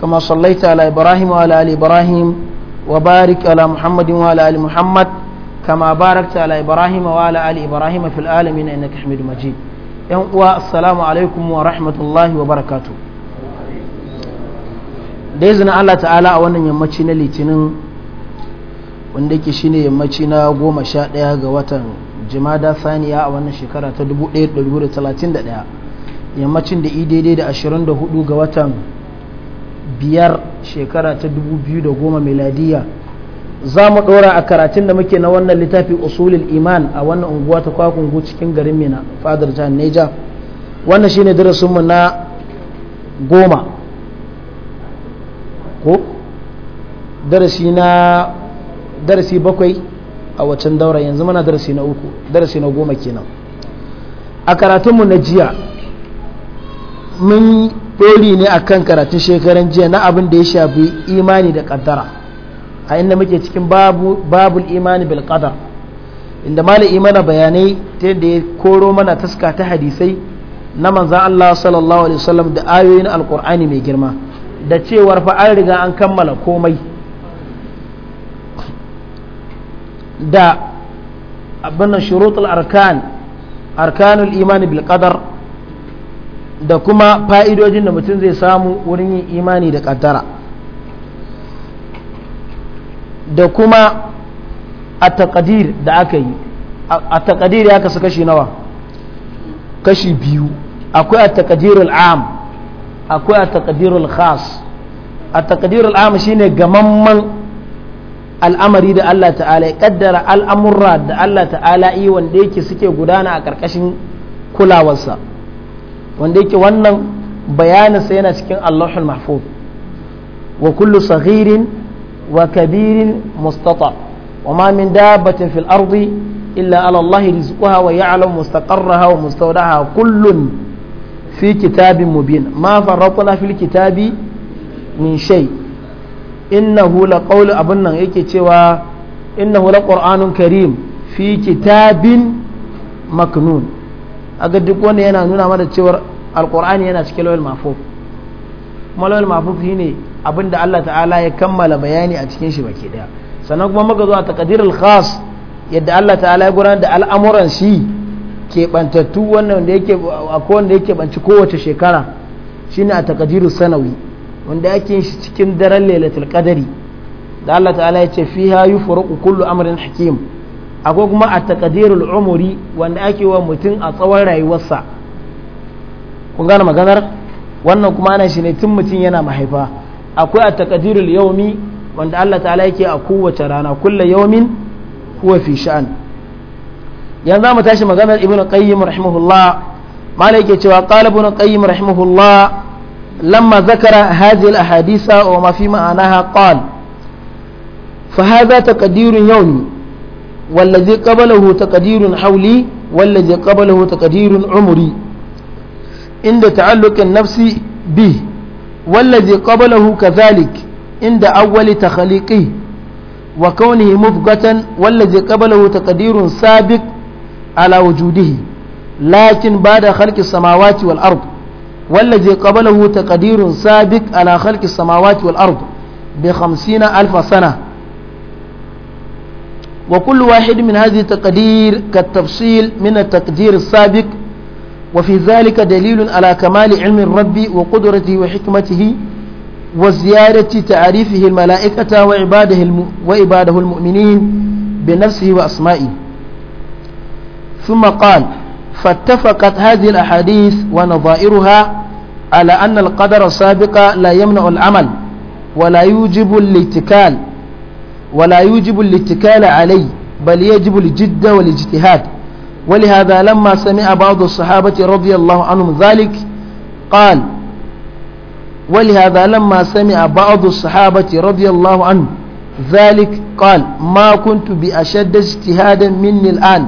كما صليت على إبراهيم وعلى آل إبراهيم وبارك على محمد وعلى آل محمد كما باركت على إبراهيم وعلى آل إبراهيم في العالمين إنك حميد مجيد السلام عليكم ورحمة الله وبركاته da الله تعالى أولا a wannan yammaci wanda yake shine yammaci na goma sha ɗaya ga watan jimada saniya a wannan shekara ta 1431 yammacin da i daidai da 24 ga watan biyar shekara ta dubu biyu da goma miladiya za mu ɗora a karatun da muke na wannan littafi usulul iman a wannan unguwa ta kwakungu cikin garin mina fadar jihar neja wannan shine darasinmu na goma ko darasi na darasi bakwai a waccan daura yanzu mana darasi na uku darasi na goma kenan a karatunmu na jiya mun ɗori ne akan karatun shekaran jiya na abin da ya shafi imani da kaddara a inda muke cikin babu babul imani bil qadar inda mala imana bayanai ta yadda ya koro mana taska ta hadisai na manzan Allah sallallahu alaihi wasallam da ayoyin alkur'ani mai girma da cewar fa an riga an kammala komai da abin shurutul arkan arkanul imani bil qadar da kuma fa'idojin da mutum zai samu wurin yin imani da ƙaddara da kuma a takadir da aka yi a takadir ya kasu kashi nawa kashi biyu akwai a takadirul am akwai a takadirul khas a takadirul shi shine gamamman al'amari da Allah ta'ala ya kaddara al'amurra da Allah ta'ala yi wanda yake suke gudana a ƙarƙashin kulawarsa wanda yake wannan bayanin bayaninsa yana cikin allahul mahfuz wa kullu saghirin wa kabirin mustata wa ma min dabbatin fil ardi illa ala allah rizquha wa ya'lamu mustaqarraha wa mustawdaha kullun fi kitabin mubin ma farratna fil kitabi min shay innahu laqawlu abun nan yake cewa innahu laqur'anun karim fi kitabin maknun a ga duk wanda yana nuna mana cewar alkur'ani yana cikin lawal mafuf kuma lawal mafuf shine abin da Allah ta'ala ya kammala bayani a cikin shi baki daya sannan kuma muka zuwa a taqdirul khas yadda Allah ta'ala ya gudanar da al'amuran shi bantattu wannan da yake akwai wanda yake banci kowace shekara shine a takadiru sanawi wanda yake yin shi cikin daren lailatul qadari da Allah ta'ala ya ce fiha yufraqu kullu amrin hakim akwai kuma a takadirul umuri wanda ake wa mutum a tsawon rayuwarsa kun gane maganar wannan kuma ana shi ne tun mutum yana mahaifa akwai a takadirul yaumi wanda Allah ta'ala yake a kowace rana kulla yaumin huwa fi sha'an yanzu mu tashi maganar ibnu qayyim rahimahullah malai yake cewa qala ibnu qayyim rahimahullah lamma zakara hadhihi al ahadisa wa ma fi ma'anaha qala فهذا تقدير والذي قبله تقدير حولي والذي قبله تقدير عمري عند تعلق النفس به والذي قبله كذلك عند أول تخليقه وكونه مفقة والذي قبله تقدير سابق على وجوده لكن بعد خلق السماوات والأرض والذي قبله تقدير سابق على خلق السماوات والأرض بخمسين ألف سنة وكل واحد من هذه التقدير كالتفصيل من التقدير السابق وفي ذلك دليل على كمال علم الرب وقدرته وحكمته وزيادة تعريفه الملائكة وعباده, الم... وعباده المؤمنين بنفسه وأسمائه ثم قال فاتفقت هذه الأحاديث ونظائرها على أن القدر السابق لا يمنع العمل ولا يوجب الاتكال ولا يوجب الاتكال عليه بل يجب الجد والاجتهاد ولهذا لما سمع بعض الصحابة رضي الله عنهم ذلك قال ولهذا لما سمع بعض الصحابة رضي الله عنه ذلك قال ما كنت بأشد اجتهادا مني الآن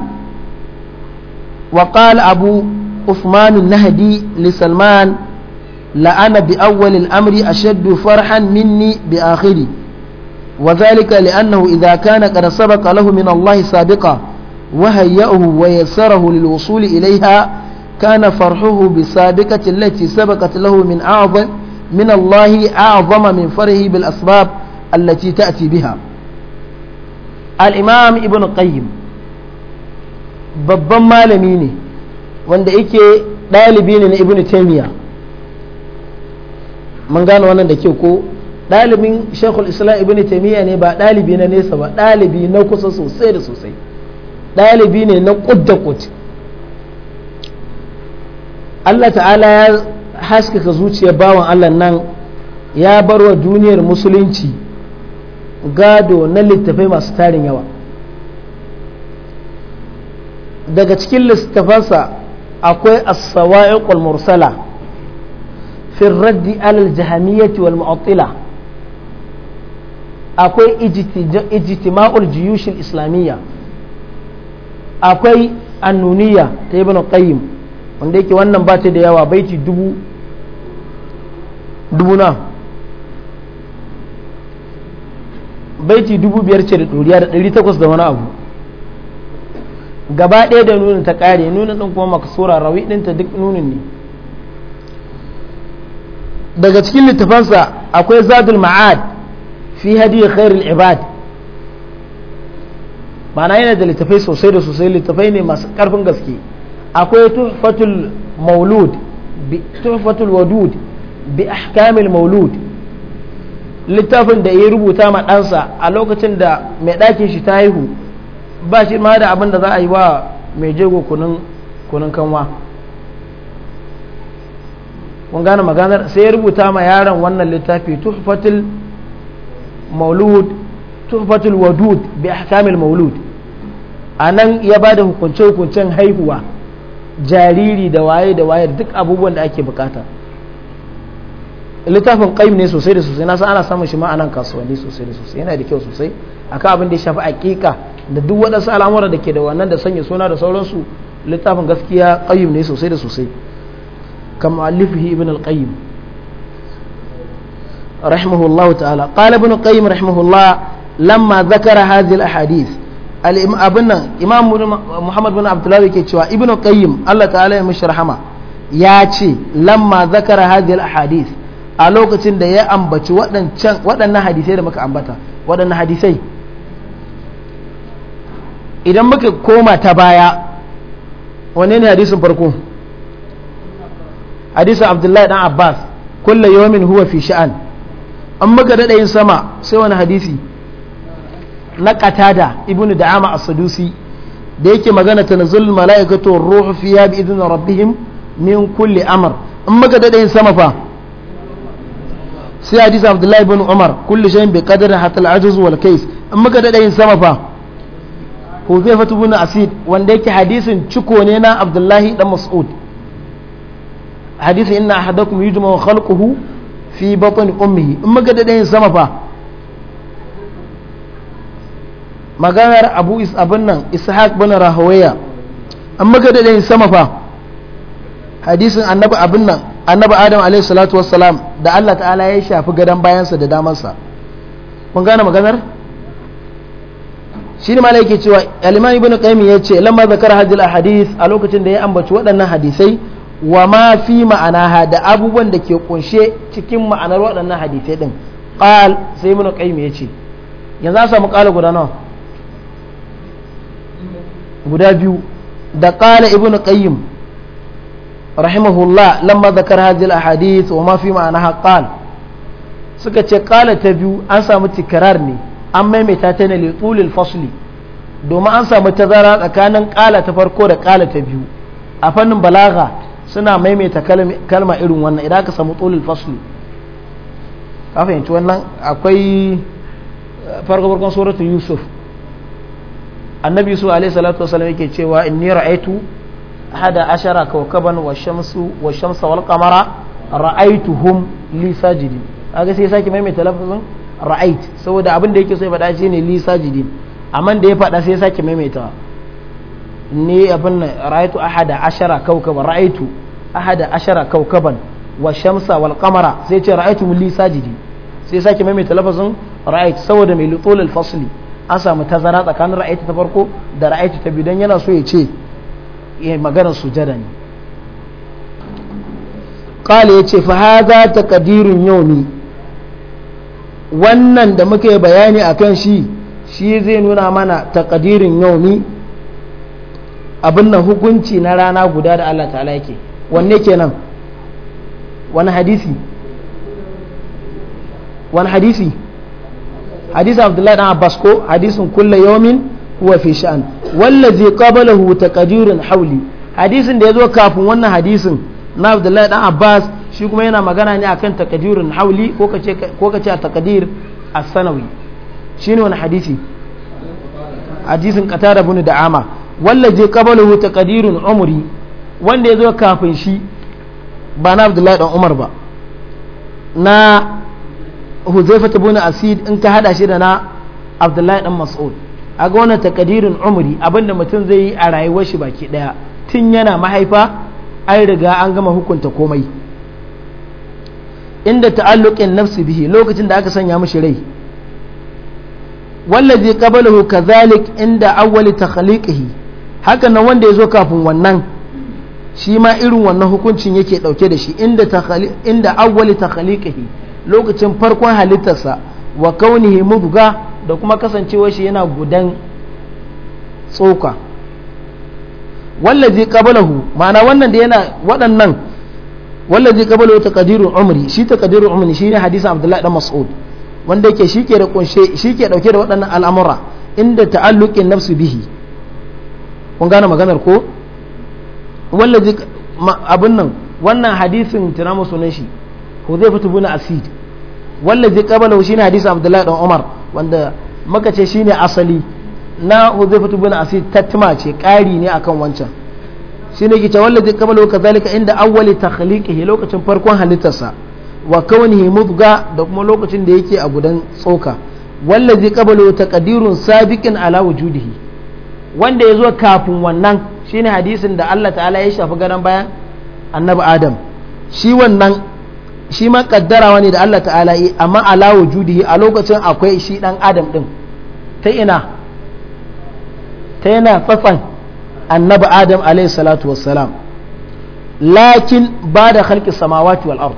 وقال أبو عثمان النهدي لسلمان لأنا بأول الأمر أشد فرحا مني بآخره وذلك لأنه إذا كان قد سبق له من الله سابقا وهيأه ويسره للوصول إليها كان فرحه بالسابقة التي سبقت له من أعظم من الله أعظم من فرحه بالأسباب التي تأتي بها الإمام ابن القيم babban malami ne wanda yake ɗalibi ne na ibn taimiyya mun gane wannan da ke ko ɗalibin shekul islam ibn taimiyya ne ba ɗalibi na nesa ba ɗalibi na kusa sosai da sosai ɗalibi ne na kudda ƙud. Allah ta'ala ya haskaka zuciyar bawan Allah nan ya bar wa duniyar musulunci gado na littafai masu tarin yawa daga cikin littafansa akwai as-sawa'iqul mursala fi raddi alal jahamiyyati wal mu'attila akwai ijtima'ul jiyushil islamiyya akwai annuniya ta ibn qayyim wanda yake wannan ba ta da yawa baiti dubu dubu na baiti dubu biyar ce da ɗoriya da ɗari takwas da wani abu gaba ɗaya da nuna ta ƙare nuna ɗin kuma makasura rawi ɗinta duk nunin ne daga cikin littafansa akwai zadul ma'ad fi hadiyu khairul ibad ma'ana yana da littafai sosai da sosai littafai ne masu karfin gaske akwai tuhfatul maulud bi tuhfatul wadud bi ahkamil maulud littafin da ya rubuta ma ɗansa a lokacin da mai ɗakin shi ta haihu ba shi ma da abin da za a yi wa mai jego kunun kanwa kun gane maganar sai ya rubuta ma yaron wannan littafi tuhfatul maulud tufatul wadud bi ahkamil maulud a nan ya ba da hukunce-hukuncen haihuwa jariri da waye da waye duk abubuwan da ake bukata littafin qaim ne sosai da sosai na san ana samun shi ma anan kasuwanni sosai da sosai yana da kyau sosai akan abin da ya shafi hakika da duk waɗansu al'amura da ke da wannan da sanya suna da sauransu littafin gaskiya qayyim ne sosai da sosai kama alifihi ibn al-qayyim رحمه الله تعالى قال ابن القيم رحمه الله لما ذكر هذه الأحاديث أبنا إمام محمد بن عبد الله كيتشوا ابن القيم الله تعالى مش رحمه ya ce lamma zakara hadhihi a lokacin da ya ambaci waɗancan waɗannan hadisai da muka ambata waɗannan hadisai idan muka koma ta baya wane ne hadisin farko hadisin abdullahi dan abbas kulla yawmin huwa fi sha'an an maka yin sama sai wani hadisi na qatada ibnu da'ama as-sadusi da yake magana tanazzul mala'ikatu ruhu fiha bi idni rabbihim min kulli amr an maka sama fa sai hadisi abdullahi ibn umar shay'in bi qadri hatta al-ajz wal kays an maka sama fa Huzaifa ibn Asid wanda yake hadisin ciko ne na Abdullahi dan Mas'ud hadisi inna ahadakum khalquhu fi batn ummi in muka da ɗayan sama fa maganar abu is abin nan ishaq bin rahawaya an muka da ɗayan sama fa hadisin annabi abin nan annabi adam alaihi salatu wassalam da Allah ta'ala ya shafi gadon bayansa da damansa kun gane maganar shi ne malaiki ke cewa alimami ibn qayyim ya ce lamma zakar hadil ahadith a lokacin da ya ambaci waɗannan hadisai wa ma fi ma'anaha da abubuwan da ke kunshe cikin ma'anar waɗannan hadisai ɗin qal sai mun ya ce yanzu an samu qala guda nawa guda biyu da qala ibnu qayyim rahimahullah lamma zakara hadhihi al-ahadith wa ma fi ma'anaha qal suka ce qala ta biyu an samu tikrar ne an maimaita ta ne li fasli domin an samu tazara tsakanin ƙala ta farko da qala ta biyu a fannin balaga suna maimaita kalma irin wannan idan aka samu tsolil faslu ka fahimci wannan akwai eh, farko farkon suratul yusuf annabi yusuf alaihi salatu wasallam yake cewa ni ra'aitu hada ashara kawkaban wa shamsu wa shamsa wal qamara ra'aituhum li sajidin kaga sai sake maimaita lafazin ra'ait saboda abin da yake so ya faɗa shine li sajidin amma da ya faɗa sai sake maimaita ni abin ra'aitu ahada ashara kawkaban ra'aitu ahada ashara kaukaban wa shamsa wal qamara sai ce ra'aytu mulli sajidi sai sake maimaita lafasin ra'ayt saboda mai lutul fasli an samu tazara tsakanin ra'aitu ta farko da ra'aitu ta biyu dan yana so ya ce ya eh, maganar sujada ne qala yace fa hadha taqdirun yawmi wannan da muke bayani akan shi shi zai nuna mana taqdirin yawmi abin nan hukunci na rana guda da Allah ta'ala yake wanne kenan wani hadisi wani hadisi hadisi abdullahi dan abbas ko hadisin kulla yawmin huwa fi sha'an wallazi qablahu taqdirun hawli hadisin da yazo kafin wannan hadisin na abdullahi dan abbas shi kuma yana magana ne akan taqdirun hawli ko kace ko kace a taqdir as-sanawi shine wani hadisi hadisin qatada ibn da'ama wallazi qablahu taqdirun umri wanda ya zo kafin shi ba na abdullahi dan umar ba na huzaifa ta buna asid in ka hada shi da na abdullahi dan mas'ud a ga wannan takadirin umri abinda mutum zai yi a rayuwar shi baki daya tun yana mahaifa Ai riga an gama hukunta komai inda ta'alluqin nafsi bihi lokacin da aka sanya mishi rai wallazi qabalahu kadhalik inda awwali takhliqihi haka nan wanda ya zo kafin wannan shi ma irin wannan hukuncin yake dauke da shi inda awwali takhaliqihi lokacin farkon halittarsa wa kaunihi mudga da kuma kasancewa shi yana gudan tsoka wallazi qabalahu ma'ana wannan da yana waɗannan wallazi qabalahu taqdirul umri shi taqdirul umri ne hadisin abdullahi dan Mas'ud wanda yake ke da shi ke dauke da waɗannan al'amura inda ta'alluqin nafsu bihi kun gane maganar ko wallazi abin nan wannan hadisin tana mu sunan shi Huzaifatu bin Asid wallazi qabala shi ne hadisin Abdullahi dan Umar wanda maka ce shine asali na Huzaifatu bin Asid tatma ce ƙari ne akan wancan shine ke cewa wallazi qabala kazalika inda awwali takhliqihi lokacin farkon halittarsa wa kaunihi mudga da kuma lokacin da yake a gudan tsoka wallazi qabala taqdirun sabiqin ala wujudihi wanda ya zo kafin wannan shine hadisin da Allah ta'ala ya shafi ganin bayan annabi adam shi wannan shi ma kaddara ne da Allah ta'ala yi amma ala wujudihi a lokacin akwai shi dan adam din ta ina ta yana tsatsan annabi adam alayhi salatu wassalam lakin ba da khalqi samawati wal ard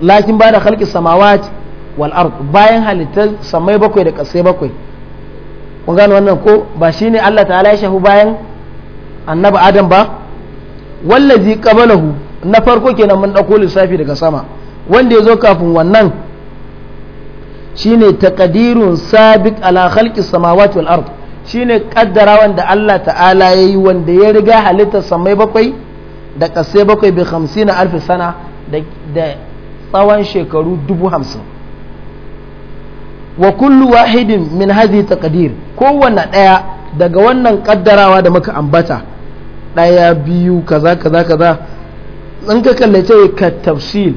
lakin ba da khalqi samawati wal ard bayan halittar samai bakwai da kasai bakwai kun gane wannan ko ba shine Allah ta'ala ya shafi bayan annabi adam ba wallazi qabalahu na farko kenan mun dauko lissafi daga sama wanda ya zo kafin wannan shine taqdirun sabiq ala khalqi samawati wal ard shine kaddara wanda Allah ta'ala yayi wanda ya riga halitta samai bakwai da kasai bakwai bi 50 alf sana da tsawon shekaru dubu hamsin wa kullu wahidin min hadhihi taqdir kowanne daya daga wannan kaddarawa da muka ambata ɗaya biyu kaza kaza kaza in ka kallace eh, ka tafsil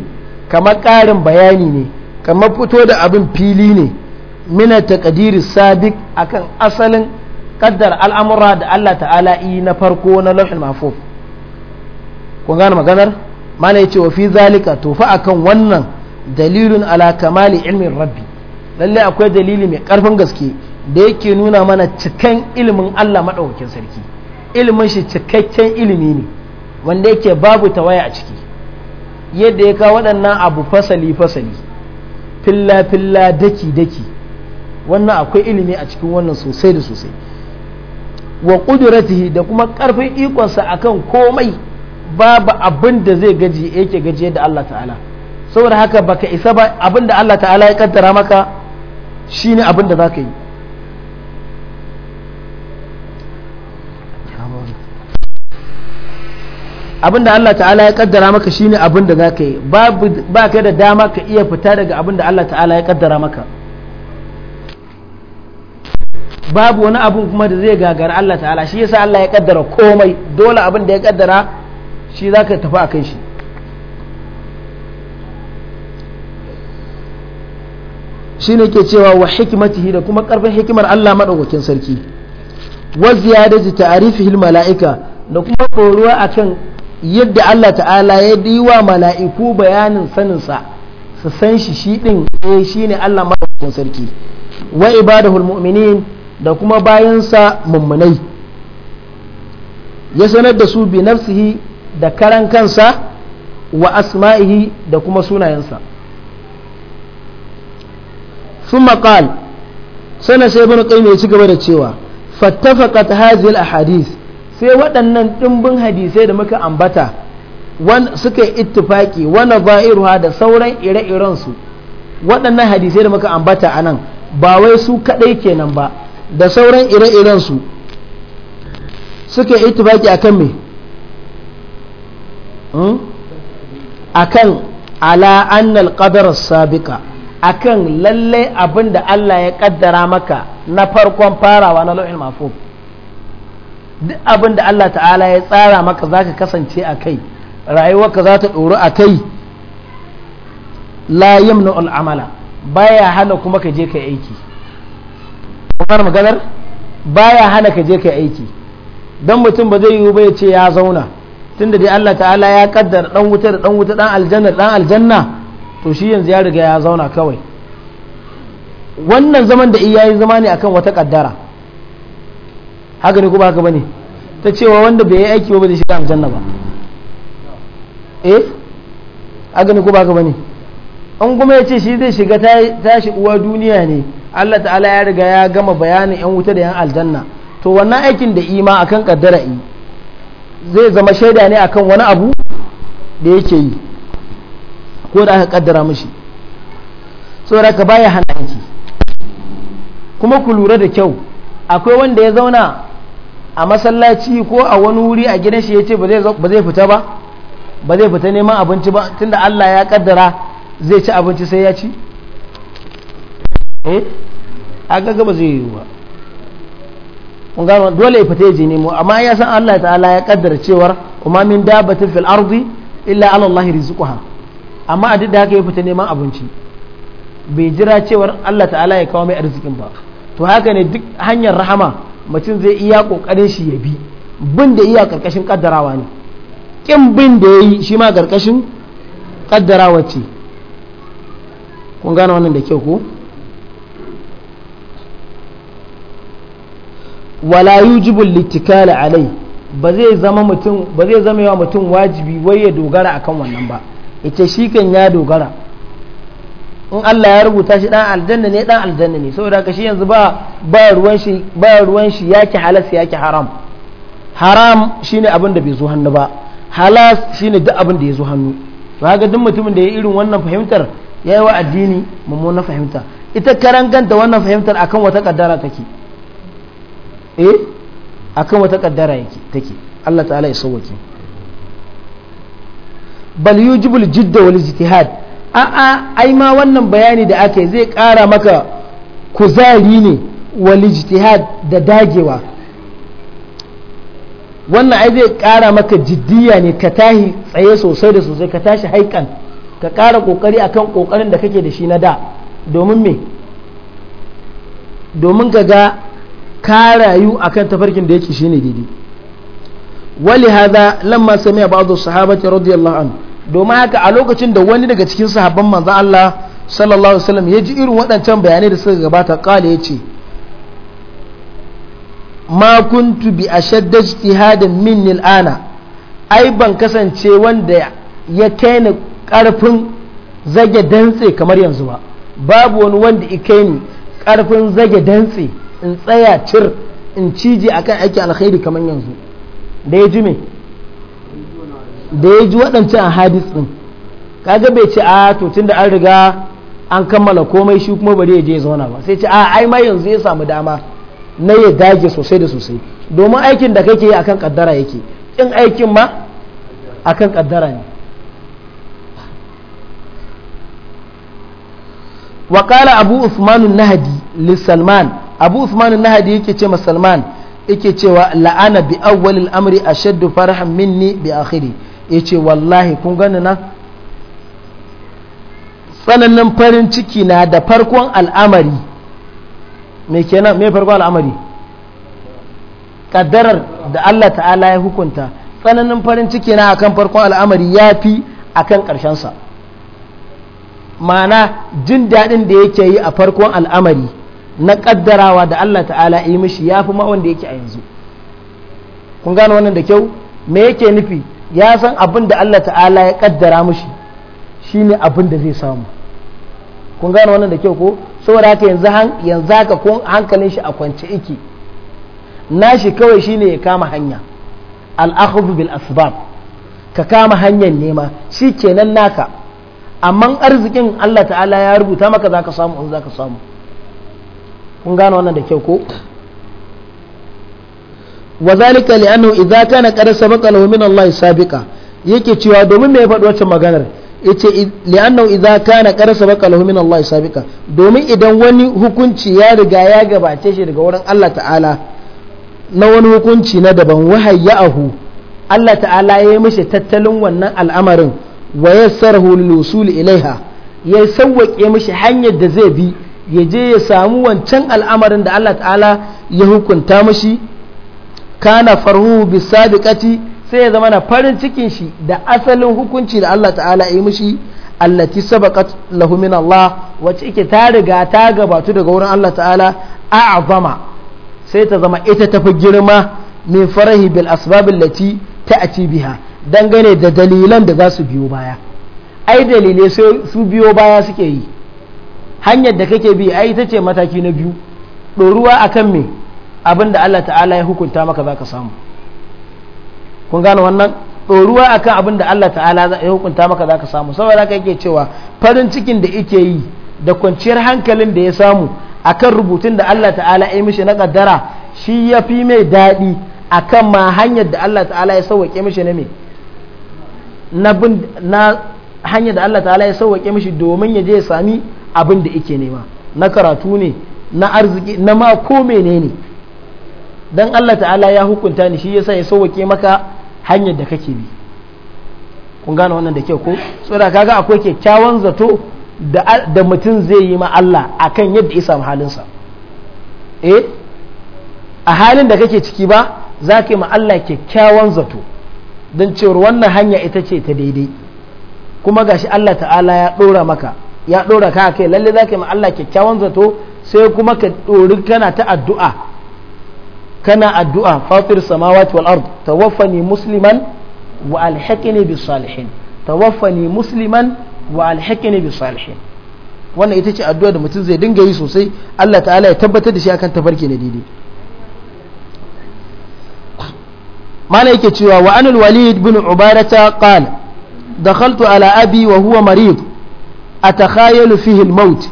kamar ƙarin bayani ne kamar fito da abin fili ne mina taqdiri sabiq akan asalin kaddar al'amura da Allah ta'ala yi na farko na lauhin mafuf kun gane maganar mana ya ce wa fi zalika to fa akan wannan dalilin ala kamali ilmin rabbi lallai akwai dalili mai karfin gaske da yake nuna mana cikan ilimin Allah maɗaukakin sarki ilimin shi cikakken ilimi ne wanda yake babu tawaya a ciki yadda ya kawo waɗannan abu fasali fasali filla filla daki daki wannan akwai ilimi a cikin wannan sosai da sosai wa ƙudurati da kuma ƙarfin ikonsa akan komai babu abin da zai gaji yake gaji da Allah ta'ala saboda haka baka isa ba abin da Allah ta'ala ya kaddara maka shine abin da za ka yi abin da Allah ta'ala ya kaddara maka shine abin da za ka yi ba ka da dama ka iya fita daga abin da Allah ta'ala ya kaddara maka babu wani abin kuma da zai gagara Allah ta'ala shi yasa Allah ya kaddara komai dole abin da ya kaddara shi za ka tafi a kan shi shi ne ke cewa wa hikimatihi da kuma karfin hikimar Allah maɗaukakin sarki wa ziyadati ta'rifihi al mala'ika da kuma koruwa akan yadda Allah ta'ala ya yi wa mala'iku bayanin saninsa su san shi shi ɗin eh shi ne Allah maɗaukakin sarki wa ibadahul mu'minin da kuma bayansa mummunai ya sanar da su bi nafsihi da karan kansa wa asma'ihi da kuma sunayensa sun maƙal sana sai ibn qayyim ya ci gaba da cewa fattafaqat hadhihi sai waɗannan ɗimbin hadisai da muka ambata suka yi ittifaki wani za'iruwa da sauran ire-iren su waɗannan hadisai da muka ambata a nan ba wai su kaɗai kenan ba da sauran ire-iren su suka yi ittifaki akan me hmm? akan ala annal qadar sabiqa akan lalle abin da Allah ya kaddara maka na farkon farawa na lau'in mafuf duk abin da Allah ta'ala ya tsara maka za ka kasance a kai rayuwarka za ta ɗoru a kai la yamnu al'amala baya hana kuma ka je ka aiki kuma maganar baya hana ka je ka aiki don mutum ba zai yiwu ba ya ce ya zauna tunda dai Allah ta'ala ya kaddar dan wuta da dan wuta dan aljanna dan aljanna to shi yanzu ya riga ya zauna kawai wannan zaman da iyayi zama ne akan wata kaddara haka ne ko ba haka bane ta cewa wanda bai yi aiki ba bai shiga aljanna ba eh haka ne ko ba haka bane an kuma ya ce shi zai shiga tashi uwa duniya ne Allah ta'ala ya riga ya gama bayanin yan wuta da yan aljanna to wannan aikin da ima akan kaddara yi zai zama shaida ne akan wani abu da yake yi ko da aka kaddara mishi saboda ka baya hana aiki kuma ku lura da kyau akwai wanda ya zauna a masallaci ko a wani wuri a gidan shi ya ce ba zai fita ba ba zai fita neman abinci ba tunda Allah ya kaddara zai ci abinci sai ya ci eh aga gaba zai yi ba kun gano dole ya fita ya je nemo amma ya san Allah ta'ala ya kaddara cewar kuma min dabatin fil ardi illa ala Allah rizquha amma a duk da haka ya fita neman abinci bai jira cewar Allah ta'ala ya kawo mai arzikin ba to haka ne duk hanyar rahama mutum zai iya kokarin shi ya bi bin da iya karkashin kaddarawa ne kin bin da yayi shi ma karkashin kaddarawa ce kun gane wannan da kyau ko wala yujibu litikala alai ba zai zama mutum ba zai zama yawa mutum wajibi wai ya dogara akan wannan ba ita shi kan ya dogara in Allah ya rubuta shi dan aljanna ne dan aljanna ne saboda kashi yanzu ba ba ruwan shi ba ruwan shi yake halas yake haram haram shine abin da bai zo hannu ba halas shine duk abin da ya zo hannu ba ga duk mutumin da ya irin wannan fahimtar yayi wa addini na fahimta ita karan wannan fahimtar akan wata kaddara take eh akan wata kaddara yake take Allah ta'ala ya sauke bal yujibul jidda wal ijtihad a'a ai ma wannan bayani da aka zai ƙara maka kuzari ne wal da dagewa wannan ai zai ƙara maka jiddiya ne ka tahi tsaye sosai da sosai ka tashi haikan ka ƙara ƙoƙari akan ƙoƙarin da kake da shi na da domin me domin ka ga ka akan tafarkin da yake shine daidai ولهذا لما lamma بعض الصحابة sahabati radiyallahu anhu. domin haka a lokacin da wani daga cikin sahabban manzan Allah sallallahu alaihi wasallam ya ji irin waɗancan bayanai da suka gabata kala ya ce ma kuntu bi ashadda min ni nil'ana ai ban kasance wanda ya kaini ƙarfin zage dantse kamar yanzu ba babu wani wanda ya kaini ƙarfin zage dantse in tsaya cir in cije akan aiki alkhairi kamar yanzu da ya ji me da ya ji waɗancan hadis ɗin kaga bai ce a ah, to da an riga an kammala komai shi kuma bari ya je zauna ba sai ce a ah, ai yanzu ya samu dama na ya dage sosai da sosai domin aikin da kake yi akan kaddara yake in aikin ma akan kaddara ne wa qala abu usman nahdi li salman abu usman nahdi yake ce ma salman yake cewa la'ana bi awwal al-amri ashaddu farahan minni bi akhiri ya ce wallahi kun gani nan tsananin farin ciki na da farkon al'amari mai kenan mai farkon al'amari kaddarar da Allah ta'ala ya hukunta tsananin farin ciki na akan farkon al'amari ya fi akan ƙarshensa mana jin daɗin da yake yi a farkon al'amari na ƙaddarawa da Allah ta'ala yi mishi ya fi ma wanda yake a yanzu kun gano wannan da kyau me yake nufi ya san abin da Allah ta'ala ya kaddara mushi shine abin da zai samu kun gane wannan da kyau ko saboda haka yanzu yanzu haka kun hankalin shi a kwance yake nashi kawai shine ya kama hanya al bil asbab ka kama hanyar nema shi kenan naka amma arzikin Allah ta'ala ya rubuta maka zaka samu in zaka samu kun gane wannan da kyau ko wa zalika li'annahu idza kana qad sabaqa lahu min Allah yake cewa domin me ya faɗi wacce maganar yace li'annahu idza kana qad sabaqa lahu min Allah sabiqa domin idan wani hukunci ya riga ya gabace shi daga wurin Allah ta'ala na wani hukunci na daban wahayyahu Allah ta'ala ya yi mishi tattalin wannan al'amarin wa yassarahu lil ilaiha ya sauwaƙe mishi hanyar da zai bi ya je ya samu wancan al'amarin da Allah ta'ala ya hukunta mishi kana farhu bisabiqati sai ya zama na farin cikin shi da asalin hukunci da Allah ta'ala ya yi mishi allati sabaqat lahu min Allah wacce yake ta riga ta gabatu daga wurin Allah ta'ala a'zama sai ta zama ita tafi girma min farahi bil asbab allati ta'ti biha dangane da dalilan da za su biyo baya ai dalilai su biyo baya suke yi hanyar da kake bi ai ita ce mataki na biyu ɗoruwa akan me abin da Allah ta'ala ya hukunta maka za ka samu kun gane wannan ɗoruwa akan abin da Allah ta'ala ya hukunta maka za ka samu saboda haka yake cewa farin cikin da yake yi da kwanciyar hankalin da ya samu akan rubutun da Allah ta'ala ya mishi na kaddara shi ya fi mai daɗi akan ma hanyar da Allah ta'ala ya sauwaƙe mishi na me na bin na hanyar da Allah ta'ala ya sauwaƙe mishi domin ya je ya sami abin da yake nema na karatu ne na arziki na ma ko menene ne dan Allah ta'ala ya hukunta ni shi yasa ya sauwake maka hanyar da kake bi kun gane wannan da kyau ko saboda kaga akwai kyakkyawan zato da mutum zai yi ma Allah akan yadda ya samu halinsa eh a halin da kake ciki ba za ka yi ma Allah kyakkyawan zato don cewar wannan hanya ita ce ta daidai kuma gashi Allah ta'ala ya ɗora maka ya ɗora ka kai lalle za ka yi ma Allah kyakkyawan zato sai kuma ka dori kana ta addu'a kana addu'a fatir samawati wal ard tawaffani musliman wa alhaqini bis salihin tawaffani musliman wa alhaqini bis salihin wannan ita ce addu'a da mutum zai dinga yi sosai Allah ta'ala ya tabbatar da shi akan tafarki na daidai mana yake cewa wa anul walid bin ubarata qal dakhaltu ala abi wa huwa marid atakhayalu fihi al-maut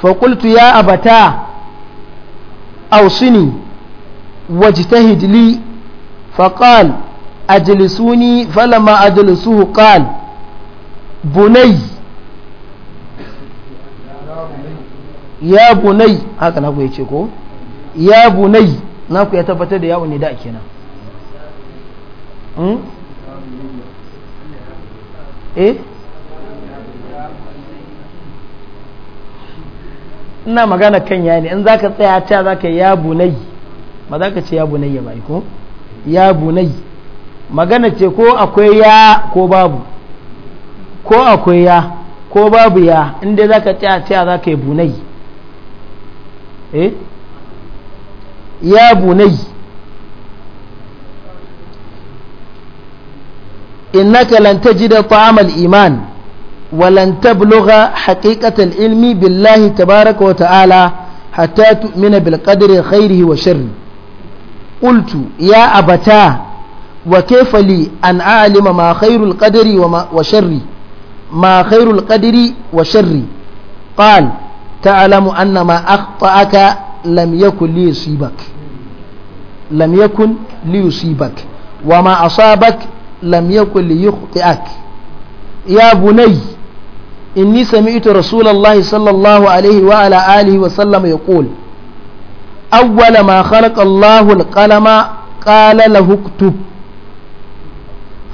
fa qultu ya abata awsini واجتهد لي فقال أجلسوني فلما أجلسوه قال بني يا بني هكذا نقول ya يا بني نقول bunai يا ya tabbatar da yawon ina magana kan yani in za ka tsaya ta za ka ya bunai ba za ka ce ya bunai ba ko ya magana ce ko akwai ya ko babu ko akwai ya ko babu ya inda za ka tsaya za ka yi bunai eh ya bunayi innaka lan tajida ta'amal iman wa lan tablugha haqiqatal ilmi billahi tabaraka wa ta'ala hatta tu'mina bil wa qultu ya abata wa kaifa li an a'lima ma khairul qadri wa sharri ma khairul qadri wa sharri qal ta'lamu anna ma akhta'aka lam yakun li yusibak lam yakun li yusibak wa ma ya إني سمعت رسول الله صلى الله عليه وعلى آله وسلم يقول awwala ma khalaqa Allahu al-qalama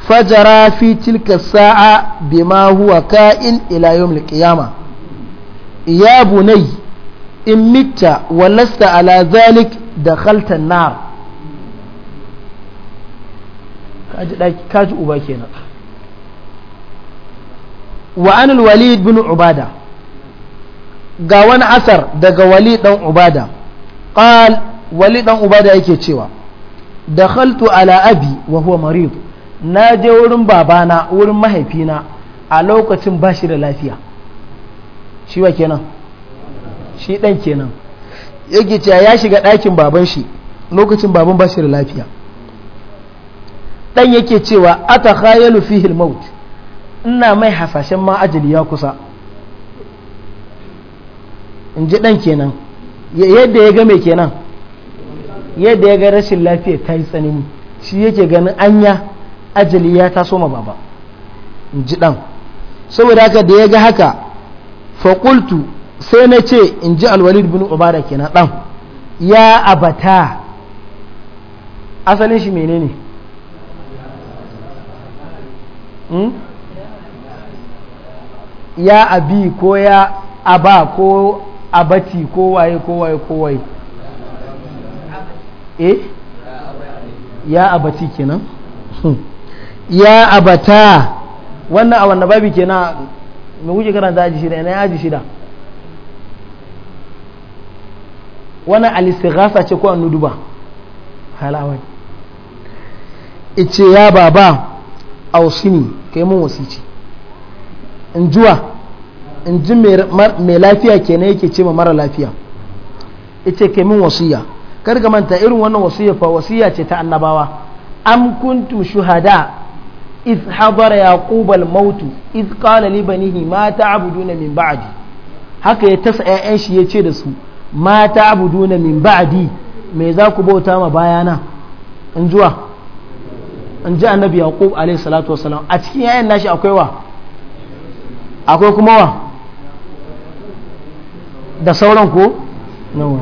fajara fi tilka sa'a bima huwa ila yawm al-qiyamah ya bunay in mitta wa lasta ala dhalik dakhalta walid bin ubada gawan wani asar daga walid dan ubada qal wali dan ubada yake cewa dakhaltu ala abi wa huwa marid na je wurin babana wurin mahaifina a lokacin bashi da lafiya shi wa kenan shi dan kenan yake cewa ya shiga ɗakin baban shi lokacin baban bashi da lafiya dan yake cewa ata khayalu fihi maut ina mai hasashen ma ajali ya kusa in ji dan kenan yadda ya ga mai kenan yadda ya ga rashin lafiya ta yi tsanani shi yake ganin anya ajali ya taso ma baba in ji ɗan saboda haka da ya ga haka faƙultu sai na ce in ji alwalid bin ubada kenan ɗan ya abata asalin shi menene hmm? ya abi ko ya aba ko abati kowaye kowaye kowaye eh ya abati kenan hmm. ya abata wannan a wannan babi kenan me kuke karanta aji shida ina aji shida wannan alistighasa ce ko annuduba halawai ice ya baba ausini kai mun wasici in juwa in ji mai lafiya kenan yake ce ma mara lafiya ita ke min wasiya kar ga manta irin wannan wasiya fa wasiya ce ta annabawa am kuntu shuhada iz hadara yaqub al maut iz qala li banihi ma ta'buduna min ba'di haka ya tasa ƴaƴan shi yace da su ma ta'buduna min ba'di me za ku bauta ma bayana in zuwa in ji annabi yaqub alayhi salatu wasalam a cikin ƴaƴan nashi akwai wa akwai kuma wa da sauran ko nawa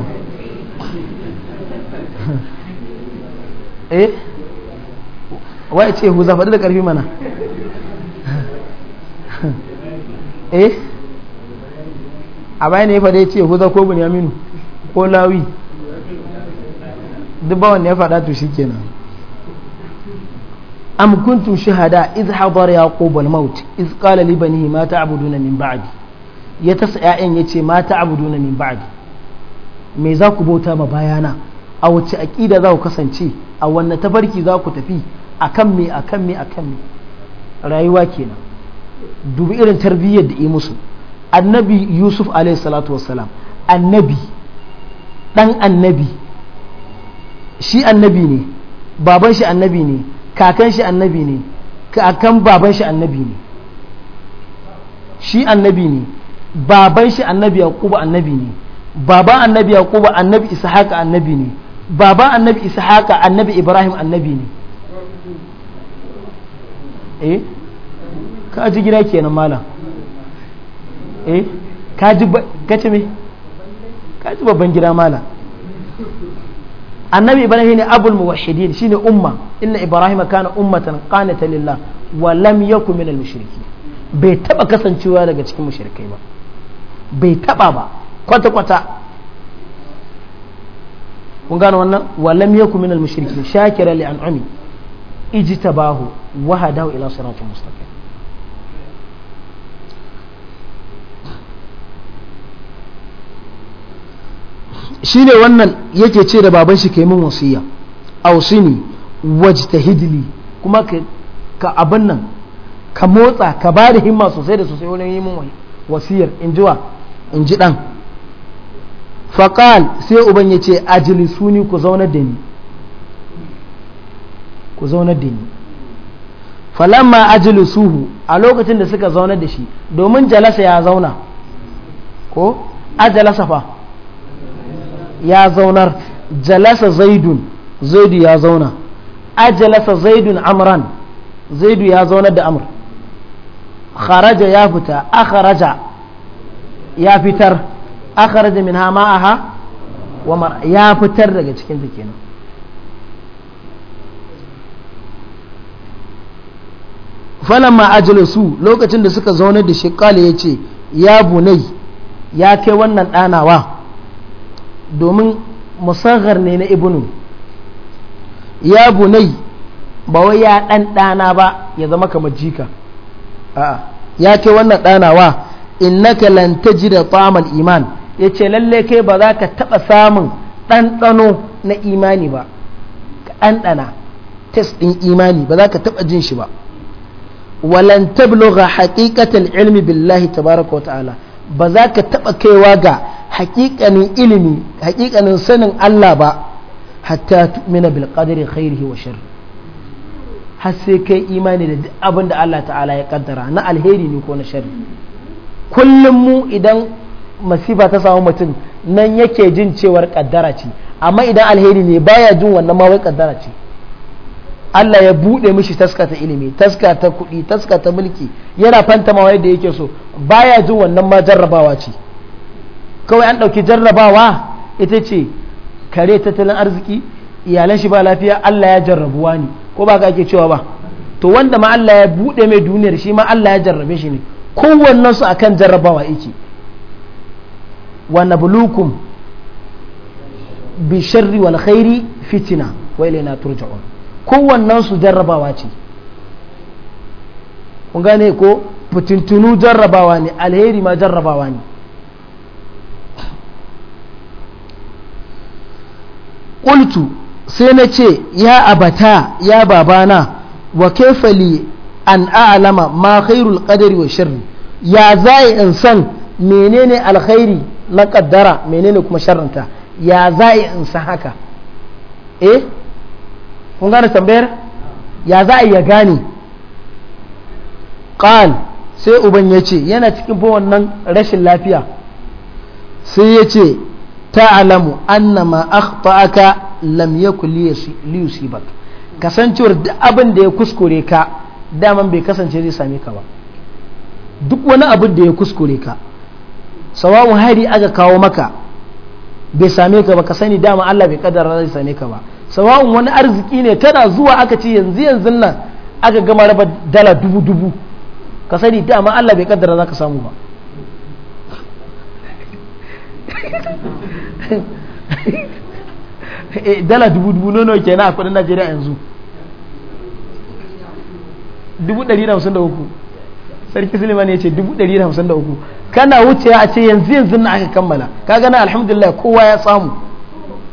eh wai ce hu zafadi da ƙarfi mana eh a bayan ya faɗa ya ce huza ko bunyaminu ko lawi duk bawan ya fada to shi kenan am kuntum shahada iz hadar yaqub al maut iz qala li banihi ma ta'buduna min ba'di ya tasa ‘ya'yan ya ce mata abu na min ba'adi me za ku bauta ma bayana a wace aƙida za ku kasance a wannan tafarki za ku tafi a kan me a kan me a kan me rayuwa kenan dubi irin tarbiyyar da yi musu annabi yusuf alaihi salatu wassalam annabi dan annabi shi annabi ne baban shi annabi ne kakan shi annabi ne kakan baban shi annabi ne shi annabi ne baban shi annabi yaquba annabi ne baban annabi yaquba annabi ishaqa annabi ne baban annabi ishaqa annabi ibrahim annabi ne eh ka ji gida kenan malam eh ka ji ka ce me ka ji babban gida malam annabi ibrahim ne abul muwahhidin shine umma inna ibrahim kana ummatan qanata lillah wa lam yakun minal mushrikin bai taba kasancewa daga cikin mushrikai ba bai taba ba kwata-kwata kun gano wannan walam yaku minal mushriki shakira li an'ami ijtabahu wa hadahu ila siratin mustaqim shine wannan yake ce da baban shi kai min wasiya awsini wajtahidli kuma ka abin nan ka motsa ka bada himma sosai da sosai wani yi min wasiyar in jiwa in ji ɗan faƙal sai uban ya ce suni ku zaunar da ni ku zaunar da ni falamma ajilisuhu a lokacin da suka zaunar da shi domin jalasa ya zauna ko ajalasa fa ya zaunar jalasa zaidun zaidu ya zauna ajalasa zaidun amran zaidu ya zaunar da amur kharaja ya fita a kharaja ya fitar min minha ma'aha wa ya fitar daga cikin ta kenan falamma ajlasu lokacin da suka zauna da shi kale ce ya bunai ya kai wannan ɗanawa domin musaghar ne na ibnu ya bunai ba wai ya ɗan ɗana ba ya zama kamar jika a'a ya kai wannan ɗanawa innaka lan tajida ta'amal iman yace lalle kai ba za ka taba samun ɗanɗano na imani ba ka ɗanɗana test ɗin imani ba za ka taba jin shi ba walan tablugha haqiqatal ilmi billahi tabaraka ta'ala ba za ka taba kaiwa ga haƙiƙanin ilimi haƙiƙanin sanin Allah ba hatta tu'mina bil qadri khairihi wa sharri har sai kai imani da duk abin da Allah ta'ala ya kaddara na alheri ne ko na sharri kullum mu idan masifa ta samu mutum nan yake jin cewar kaddara ce amma idan alheri ne baya jin wannan ma wai kaddara ce Allah ya buɗe mishi taska ilimi taska ta kuɗi taska ta mulki yana fanta ma yadda yake so baya jin wannan ma jarrabawa ce kawai an ɗauki jarrabawa ita ce kare tattalin arziki iyalan shi ba lafiya Allah ya jarrabuwa ne ko ba ka ake cewa ba to wanda ma Allah ya buɗe mai duniyar shi ma Allah ya jarrabe shi ne kowannensu su akan jarrabawa yake wa na bulukun sharri wal khairi fitina wa na turja'un su jarrabawa ce kun gane ko fitintunu jarrabawa ne alheri ma jarrabawa ne qultu sai na ce ya abata ya babana wa kefali an a'lama ma khairul qadari wa sharri ya zai in san menene alkhairi na kaddara menene kuma sharrinta ya zai in san haka eh kun gane tambayar ya za ya gane qal sai uban ya ce yana cikin fa wannan rashin lafiya sai ya ce ta'alamu annama akhta'aka lam yakul liyusibak kasancewar duk abin da ya kuskure ka daman bai kasance zai same ka ba duk wani abin da ya kuskure ka sawawun hari aka kawo maka bai same ka ba ka sani dama Allah bai kaddara zai same ka ba sawawun wani arziki ne tana zuwa aka ce yanzu yanzu nan aka gama raba dala dubu dubu ka sani dama Allah bai kaddara za ka samu ba eh, dala dubu dubu nono kenan a kudin Najeriya yanzu 1153 sarki suleiman ya ce 1153 kana wucewa a ce yanzu yanzu na aka kammala ka gana alhamdulillah kowa ya samu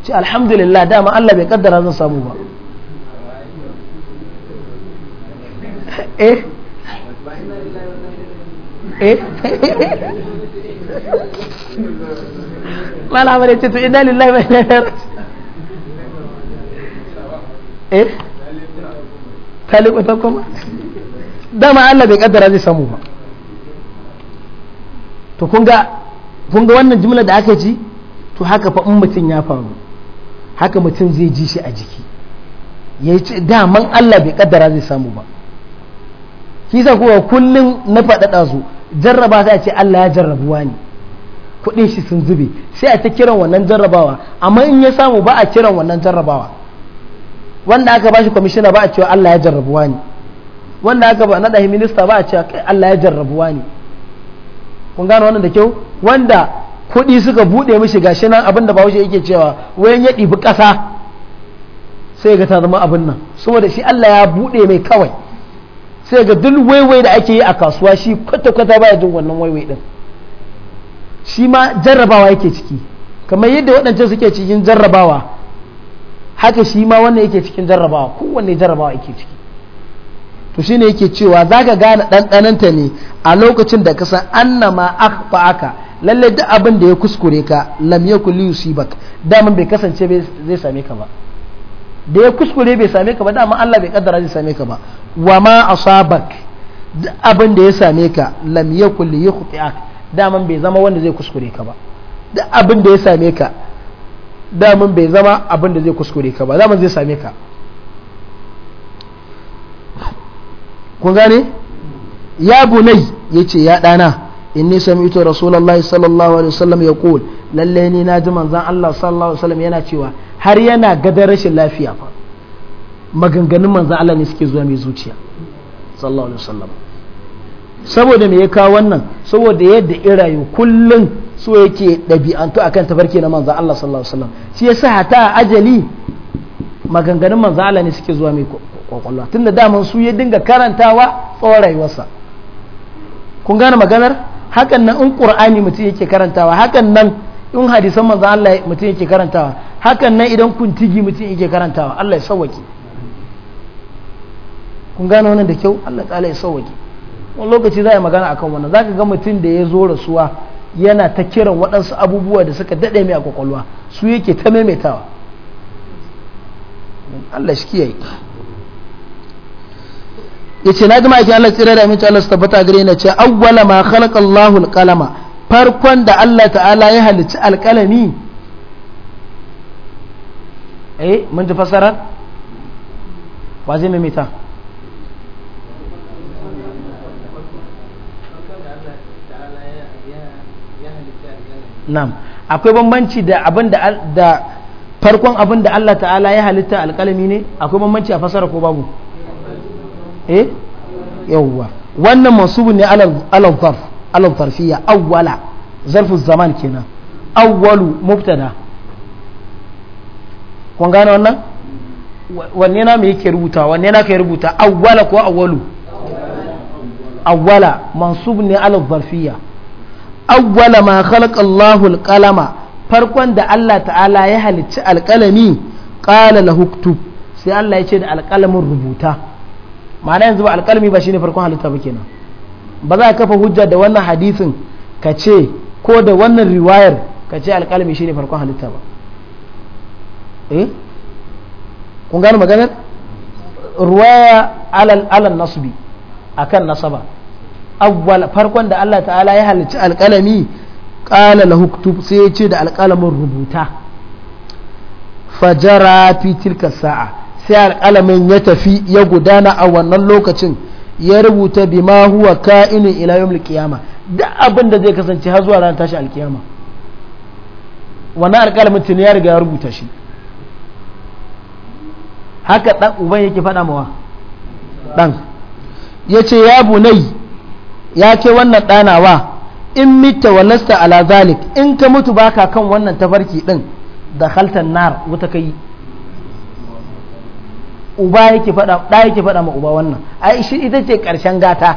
ce alhamdulillah dama Allah bai kaddara zan samu ba eh eh malama da ce to inna lillahi wa inna ilaihi eh talibu ta kuma dama Allah bai kaddara zai samu ba to kun ga kun ga wannan jumla da aka ji to haka fa in mutum ya faru haka mutum zai ji shi a jiki ya ce daman Allah bai kaddara zai samu ba kisa kuwa kullum na faɗaɗa su jarraba za a ce Allah ya jarrabuwa ne kuɗin shi sun zube sai a ta kiran wannan jarrabawa amma in ya samu ba a kiran wannan jarrabawa wanda aka bashi kwamishina ba a cewa Allah ya jarrabuwa ne wanda aka ba naɗa minista ba a cewa kai Allah ya jarrabuwa ne kun gano wannan da kyau wanda kuɗi suka buɗe mishi gashi nan abin da bahaushe yake cewa wayan ya ɗibi ƙasa sai ga ta zama abin nan saboda shi Allah ya buɗe mai kawai sai ga duk waiwai da ake yi a kasuwa shi kwata-kwata baya jin wannan waiwai din shi ma jarrabawa yake ciki kamar yadda waɗancan suke cikin jarrabawa haka shi ma wannan yake cikin jarrabawa kowanne jarrabawa yake ciki to shine yake cewa zaka gane ɗanɗananta ne a lokacin da ka san annama akhfa aka lalle duk abin da ya kuskure ka lam yakul yusibak daman bai kasance zai same ka ba da ya kuskure bai same ka ba daman Allah bai kaddara zai same ka ba wa ma asabak duk abin da ya same ka lam yakul yukhtiak daman bai zama wanda zai kuskure ka ba duk abin da ya same ka daman bai zama abin da zai kuskure ka ba daman zai same ka kun gane ya bunai ce ya dana inni ito rasulallah sallallahu alaihi wasallam yaqul lalle ni na ji manzan Allah sallallahu alaihi wasallam yana cewa har yana gadar rashin lafiya fa maganganun manzan Allah ne suke zuwa mai zuciya sallallahu alaihi wasallam saboda me ya kawo wannan saboda yadda irayu kullum so yake ɗabi'antu akan tafarki na manzan Allah sallallahu alaihi wasallam shi yasa hata ajali maganganun manzan Allah ne suke zuwa mai kwakwalwa tun da daman su ya dinga karantawa tsawon rayuwarsa kun gane maganar hakan nan in ƙur'ani mutum yake karantawa hakan nan in hadisan manzo Allah mutum yake karantawa hakan nan idan kun tigi mutum yake karantawa Allah ya sauwake kun gane wannan da kyau Allah ta'ala ya sauwake wani lokaci za a yi magana akan wannan zaka ga mutum da ya zo rasuwa yana ta kiran waɗansu abubuwa da suka daɗe mai a kwakwalwa su yake ta maimaitawa Allah shi kiyaye yace na ji ma'aikin Allah tsira da aminci Allah su tabbata gare na ce awwala ma khalaqa Allahu farkon da Allah ta'ala ya halicci alƙalami eh mun ji wa zai na'am akwai bambanci da abin da farkon abin da Allah ta'ala ya halitta alƙalami ne akwai bambanci a fasara ko babu Eh? yawwa wannan mansubun ne alal zarf awwala zarfin zaman kenan awwalu mubtada kun gane wannan wanne na me yake rubuta wanne na kai rubuta awwala ko awwalu awwala mansub ne alal zarfiya awwala ma khalaqa Allahu al-qalama farkon da Allah ta'ala ya halicci alkalami qala lahu sai Allah ya ce da alkalamin rubuta ma'ana yanzu ba alƙalmi ba shine farkon halitta ba kenan ba za ka kafa hujja da wannan hadisin ka ce ko da wannan riwayar ka ce alƙalmi shine farkon halitta ba eh kun gano maganar ruwaya alal alal nasbi akan nasaba awwal farkon da Allah ta'ala ya halicci alƙalami qala lahu kutub sai ya ce da alƙalamin rubuta fajara fi tilka sa'a sai alƙalamin ya tafi ya gudana a wannan lokacin ya rubuta ma huwa ka'inin ila al qiyama duk abin da zai kasance har zuwa ranar tashi al-qiyama wannan alƙalamin tuni ya riga ya rubuta shi haka dan uban yake faɗa mawa dan yace ya bunai ya ke wannan ɗanawa in mita walasta ala zalik in ka mutu baka kan wannan tafarki din da haltan nar wuta kai uba yake faɗa ɗa yake faɗa ma uba wannan ai shi ita ce ƙarshen gata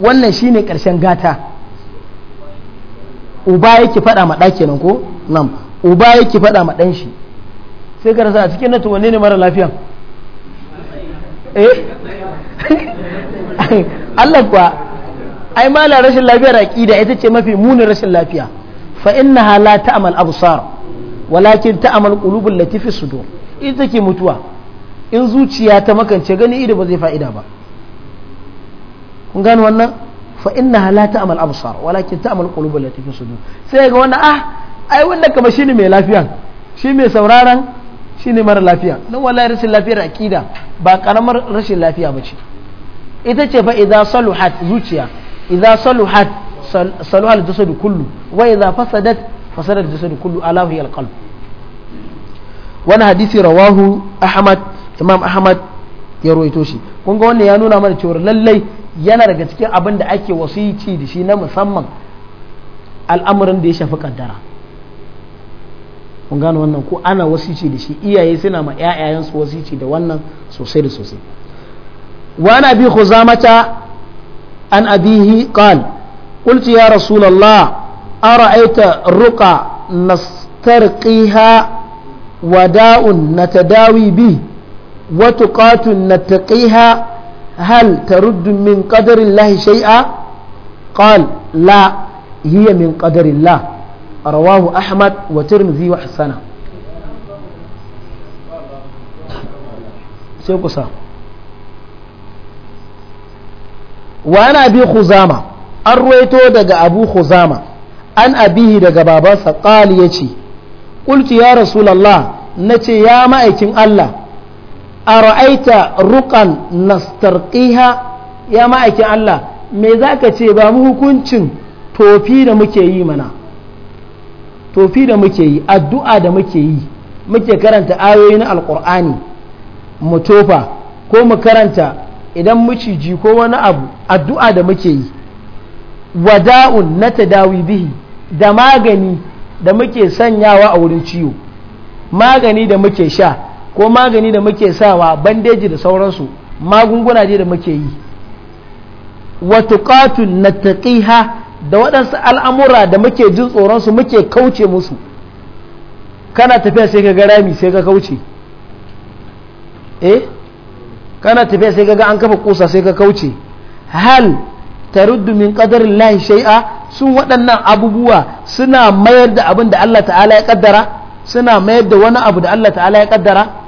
wannan shi ne ƙarshen gata uba yake faɗa ma ɗa kenan ko nan uba yake faɗa ma ɗan shi sai ka rasa a cikin nata wanne ne mara lafiya. eh Allah kuwa ai mala rashin lafiyar aqida ita ce mafi munin rashin lafiya fa innaha la ta'mal absar walakin ta'mal qulubul lati fi sudur ita ke mutuwa in zuciya ta makance gani ido ba zai fa'ida ba kun gano wannan fa inna la ta'mal absar walakin ta'mal qulub allati fi sudur sai ga wannan ah ai wanda kamar shine mai lafiya shi mai sauraron shine mara lafiya dan wala rashin lafiyar akida ba karamar rashin lafiya bace ita ce fa idza saluhat zuciya idza saluhat saluhal jasadu kullu wa idza fasadat fasadat jasadu kullu ala hiya alqalb wani hadisi rawahu ahmad imam ahmad ya roito shi kun ga wannan ya nuna mana cewa lallai yana daga cikin abin da ake wasici da shi na musamman al'amarin da ya shafi kaddara kun gano wannan ko ana wasici da shi iyaye suna ma ƴaƴayensu wasici da wannan sosai da sosai wa na bi khuzamata an abihi qal قلت يا رسول الله أرأيت الرقى نسترقيها وداء نتداوي به وتقات نتقيها هل ترد من قدر الله شيئا قال لا هي من قدر الله رواه أحمد وترمذي وحسنه sai kusa wa ana abi khuzama an ruwaito daga abu khuzama an abihi daga babansa qali yace qultu ya rasulullah nace ya ma'aikin Allah ara'aita ruqan nastarqiha ya ma'aikin Allah me zaka ce ba mu hukuncin tofi da muke yi mana tofi da muke yi addu'a da muke yi muke karanta ayoyi na Alƙur'ani mu tofa ko mu karanta idan muciji ko wani abu addu'a da muke yi wada'un na tadawi bihi da magani da muke sanyawa a wurin ciwo magani da muke sha ko magani da muke sawa bandeji da sauransu magunguna ne da muke yi wa na taƙiha da waɗansu al'amura da muke jin tsoronsu muke kauce musu kana tafiya sai ka ga rami sai ka kauce eh kana tafiya sai ka ga an kafa kusa sai ka kauce hal taruddu min qadarin lahi shay'a sun waɗannan abubuwa suna mayar da abin da Allah ta'ala ya kaddara suna mayar da wani abu da Allah ta'ala ya kaddara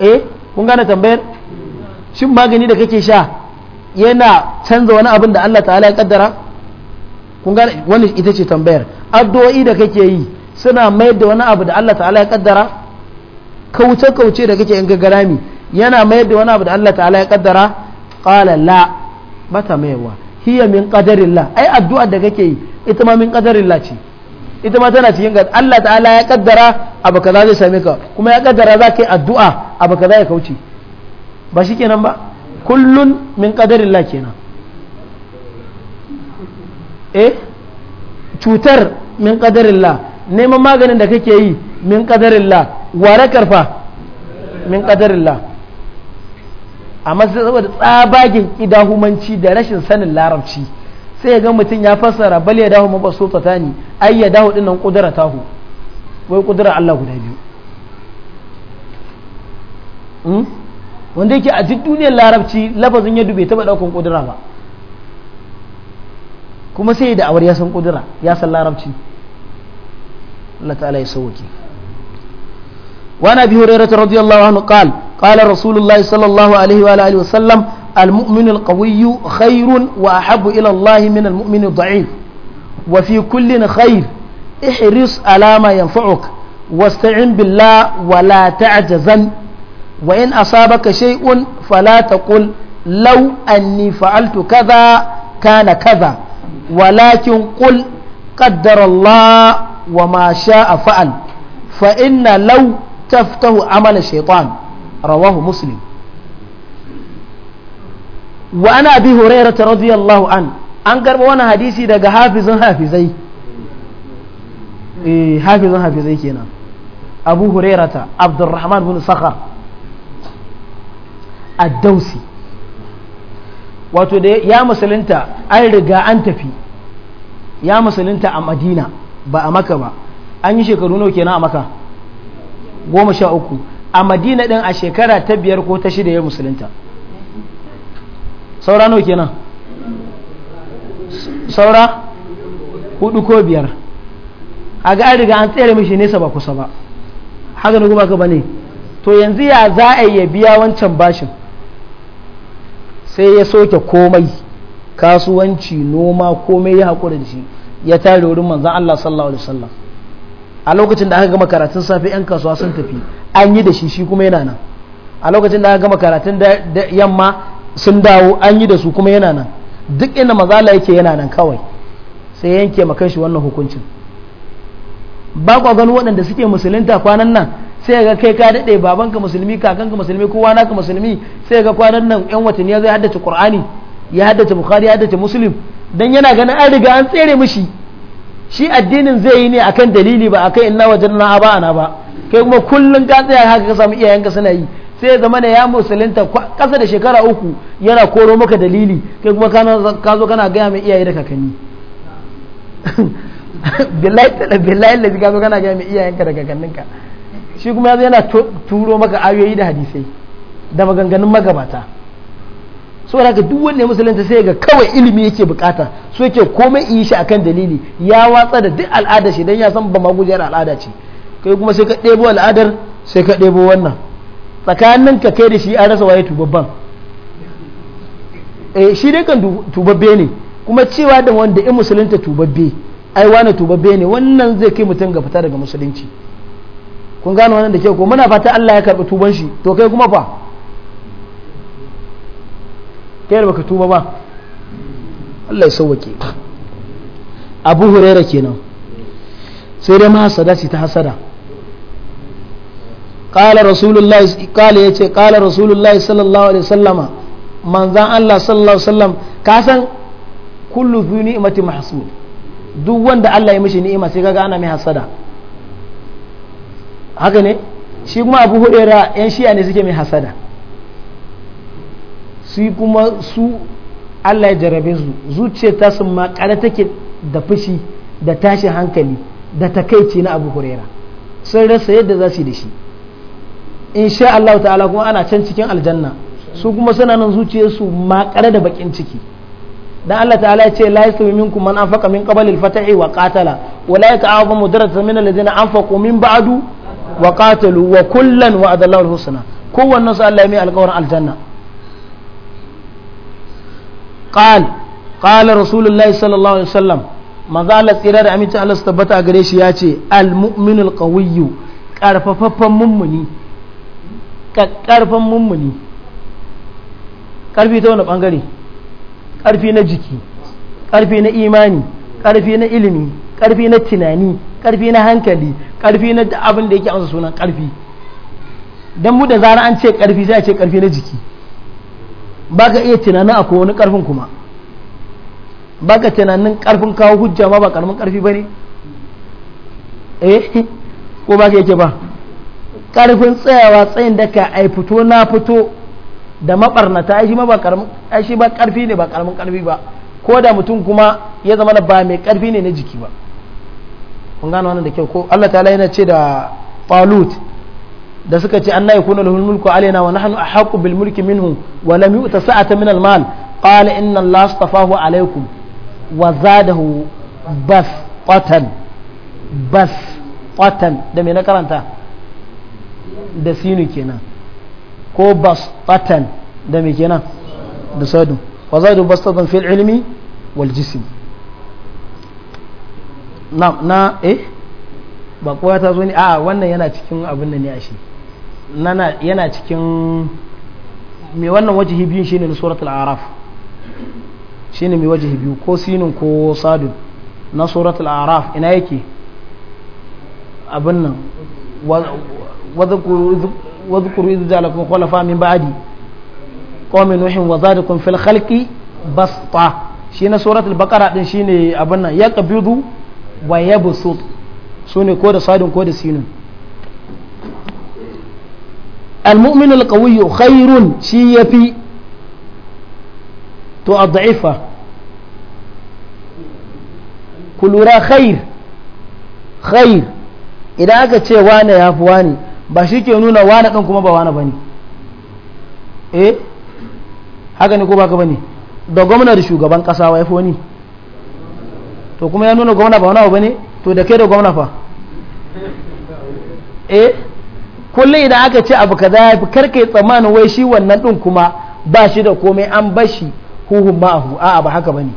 eh kun gane tambayar shin magani da kake sha yana canza wani abin da Allah ta'ala ya kaddara kun gane wani ita ce tambayar addu'o'i da kake yi suna mayar da wani abu da Allah ta'ala ya kaddara kauce kauce da kake in gagarami yana mayar da wani abu da Allah ta'ala ya kaddara qala la bata maiwa hiya min qadarillah ai addu'a da kake yi ita ma min qadarillah ce ita ma tana cikin gad Allah ta'ala ya kaddara abu kaza zai same ka kuma ya kaddara za ka yi addu'a abu kaza ya kauce ba shi kenan ba kullun min kadarin la kenan eh cutar min kadarin la neman maganin da kake yi min kadarin la ware karfa min kadarin la amma saboda tsabagen idahumanci da rashin sanin larabci sai ga mutum ya fassara bal ya dahu mabasuta tani ai ya dahu dinnan kudura tahu wai kudura Allah guda biyu hmm? wanda yake a duk duniyar larabci lafazin yadu bai taba daukan kudura ba kuma sai da awar ya san kudura ya san larabci Allah ta'ala ya sauke wa nabi hurairah radiyallahu anhu qala qala rasulullahi sallallahu alaihi wa alihi wa sallam المؤمن القوي خير وأحب إلى الله من المؤمن الضعيف وفي كل خير احرص على ما ينفعك واستعن بالله ولا تعجزن وإن أصابك شيء فلا تقل لو أني فعلت كذا كان كذا ولكن قل قدر الله وما شاء فعل فإن لو تفتح عمل الشيطان رواه مسلم wa ana bi ta radiyallahu an an garba wani hadisi daga hafizin hafizai eh hafizin hafizai kenan abu ta abdurrahman bin sakhar ad-dausi wato da ya musulunta an riga an tafi ya musulunta a madina ba a maka ba an yi shekaru nawa kenan a maka goma sha uku a madina din a shekara ta biyar ko ta shida ya musulunta saura nawa kenan saura hudu ko biyar a ga an riga an tsere mishi nesa ba kusa ba haka na kuma ka bane to yanzu ya za a iya biya wancan bashin sai ya soke komai kasuwanci noma komai ya haƙura da shi ya tare wurin manzan Allah sallallahu alaihi wasallam a lokacin da aka gama karatun safe yan kasuwa sun tafi an yi da shi shi kuma yana nan a lokacin da aka gama karatun yamma sun dawo an yi da su kuma yana nan duk inda mazala yake yana nan kawai sai yanke makan shi wannan hukuncin ba kwa gani waɗanda suke musulunta kwanan nan sai ga kai ka daɗe babanka musulmi kakanka musulmi kowa naka musulmi sai ga kwanan nan yan watanni ya zai haddace qur'ani ya haddace bukhari ya haddace muslim dan yana ganin an riga an tsere mishi shi addinin zai yi ne akan dalili ba akan inna wajanna aba'ana ba kai kuma kullun ka tsaya haka ka samu iyayenka suna yi sai ya zama ya musulunta kasa da shekara uku yana koro maka dalili kai kuma ka zo kana gaya mai iyaye da kakanni da ka zo kana gaya mai iyayenka da kakanninka shi kuma yanzu yana turo maka ayoyi da hadisai da maganganun magabata so haka duk wanda musulunta sai ga kawai ilimi yake bukata so yake komai yi shi akan dalili ya watsa da duk al'ada shi dan ya san ba magujiyar al'ada ce kai kuma sai ka ɗebo al'adar sai ka ɗebo wannan tsakanin ka kai da shi an rasa waye tubabban eh shi dai kan tubabbe ne kuma cewa da wanda in musulunta tubabbe ai wani tubabbe ne wannan zai kai mutum ga fita daga musulunci kun gano wannan da ke ko muna fata Allah ya karɓi tuban shi to kai kuma fa kai da baka tuba ba Allah ya sauwake Abu hurairah kenan sai dai hasada ta hasada قال رسول الله yace qala قال رسول الله صلى manzan Allah sallallahu من ذا ka san الله fi وسلم كاسن duk wanda Allah محسود mishi وند الله يمشي ana hasada haka ne shi kuma abu hudera yan shi'a ne suke mai hasada su kuma su Allah ya jarabe su zuciyar ta sun ma take da fushi da tashin hankali da takaici na abu hurera sun rasa yadda za su yi da shi sha Allah ta'ala kuma ana can cikin aljanna su kuma suna nan zuciyarsu makare da bakin ciki dan Allah ta'ala ya ce la yastawi minkum man anfaqa min qabl al-fatahi wa qatala ulaika a'zamu darajatan min alladhina anfaqu min ba'du wa qatalu wa kullan wa'ada Allahu al-husna kowannen su Allah ya mai alƙawarin aljanna qal qala rasulullahi sallallahu alaihi wasallam manzo Allah tsira da aminci Allah su tabbata gare shi ya ce al-mu'minul qawiyyu karfafaffen mummuni ƙarfin mummuni ƙarfi ta wani ɓangare ƙarfi na jiki ƙarfi na imani ƙarfi na ilimi ƙarfi na tunani ƙarfi na hankali ƙarfi na abin da yake amsa sunan ƙarfi don mu da zara an ce ƙarfi sai a ce ƙarfi na jiki ba ka iya tunanin a wani ƙarfin kuma ba ka tunanin ƙarfin kawo hujja ma ba ƙarfin ƙarfi ba ne eh ko ba ka yake ba karfin tsayawa tsayin daka ai fito na fito da mabarnata ai shi ma ba karamin shi ba karfi ne ba karamin karfi ba ko da mutum kuma ya zama ba mai karfi ne na jiki ba kun gano wannan da kyau ko Allah ta'ala yana ce da falut da suka ce anna yakunu lahul mulku alaina wa nahnu ahqqu bil mulki minhu wa lam yu'ta sa'ata min al mal qala inna Allah astafahu alaykum wa zadahu bas qatan bas qatan da me na karanta da sinu kenan ko bastatan da me kenan da sadu wa zadu bastatan fil ilmi wal jism na na eh ba kowa ta zo ne a wannan yana cikin abin da ne a shi yana cikin mai wannan wajihi biyun shine na suratul araf shine mai wajihi biyu ko sinin ko sadun na suratul araf ina yake abin nan واذكروا إذ جعلكم خلفاء من بعد قوم نوح وزادكم في الخلق بسطة شينا سورة البقرة دين شيني أبنا يقبض ويبسط سوني كود صاد كود سين المؤمن القوي خير شي يفي تو الضعيفة كل خير خير idan aka ce wane ya fi wane ba shi ke nuna wane ɗin kuma ba wane ba ne eh haka ne ko baka ba ne da gwamna da shugaban ƙasa wa yafi ni to kuma ya nuna gwamna ba wane ba ne to da ke da gwamna fa eh kullum idan aka ce abu kaza ya fi karkai tsammanin wai shi wannan ɗin kuma ba shi da komai an bashi huhun ma'ahu a'a ba haka ba ne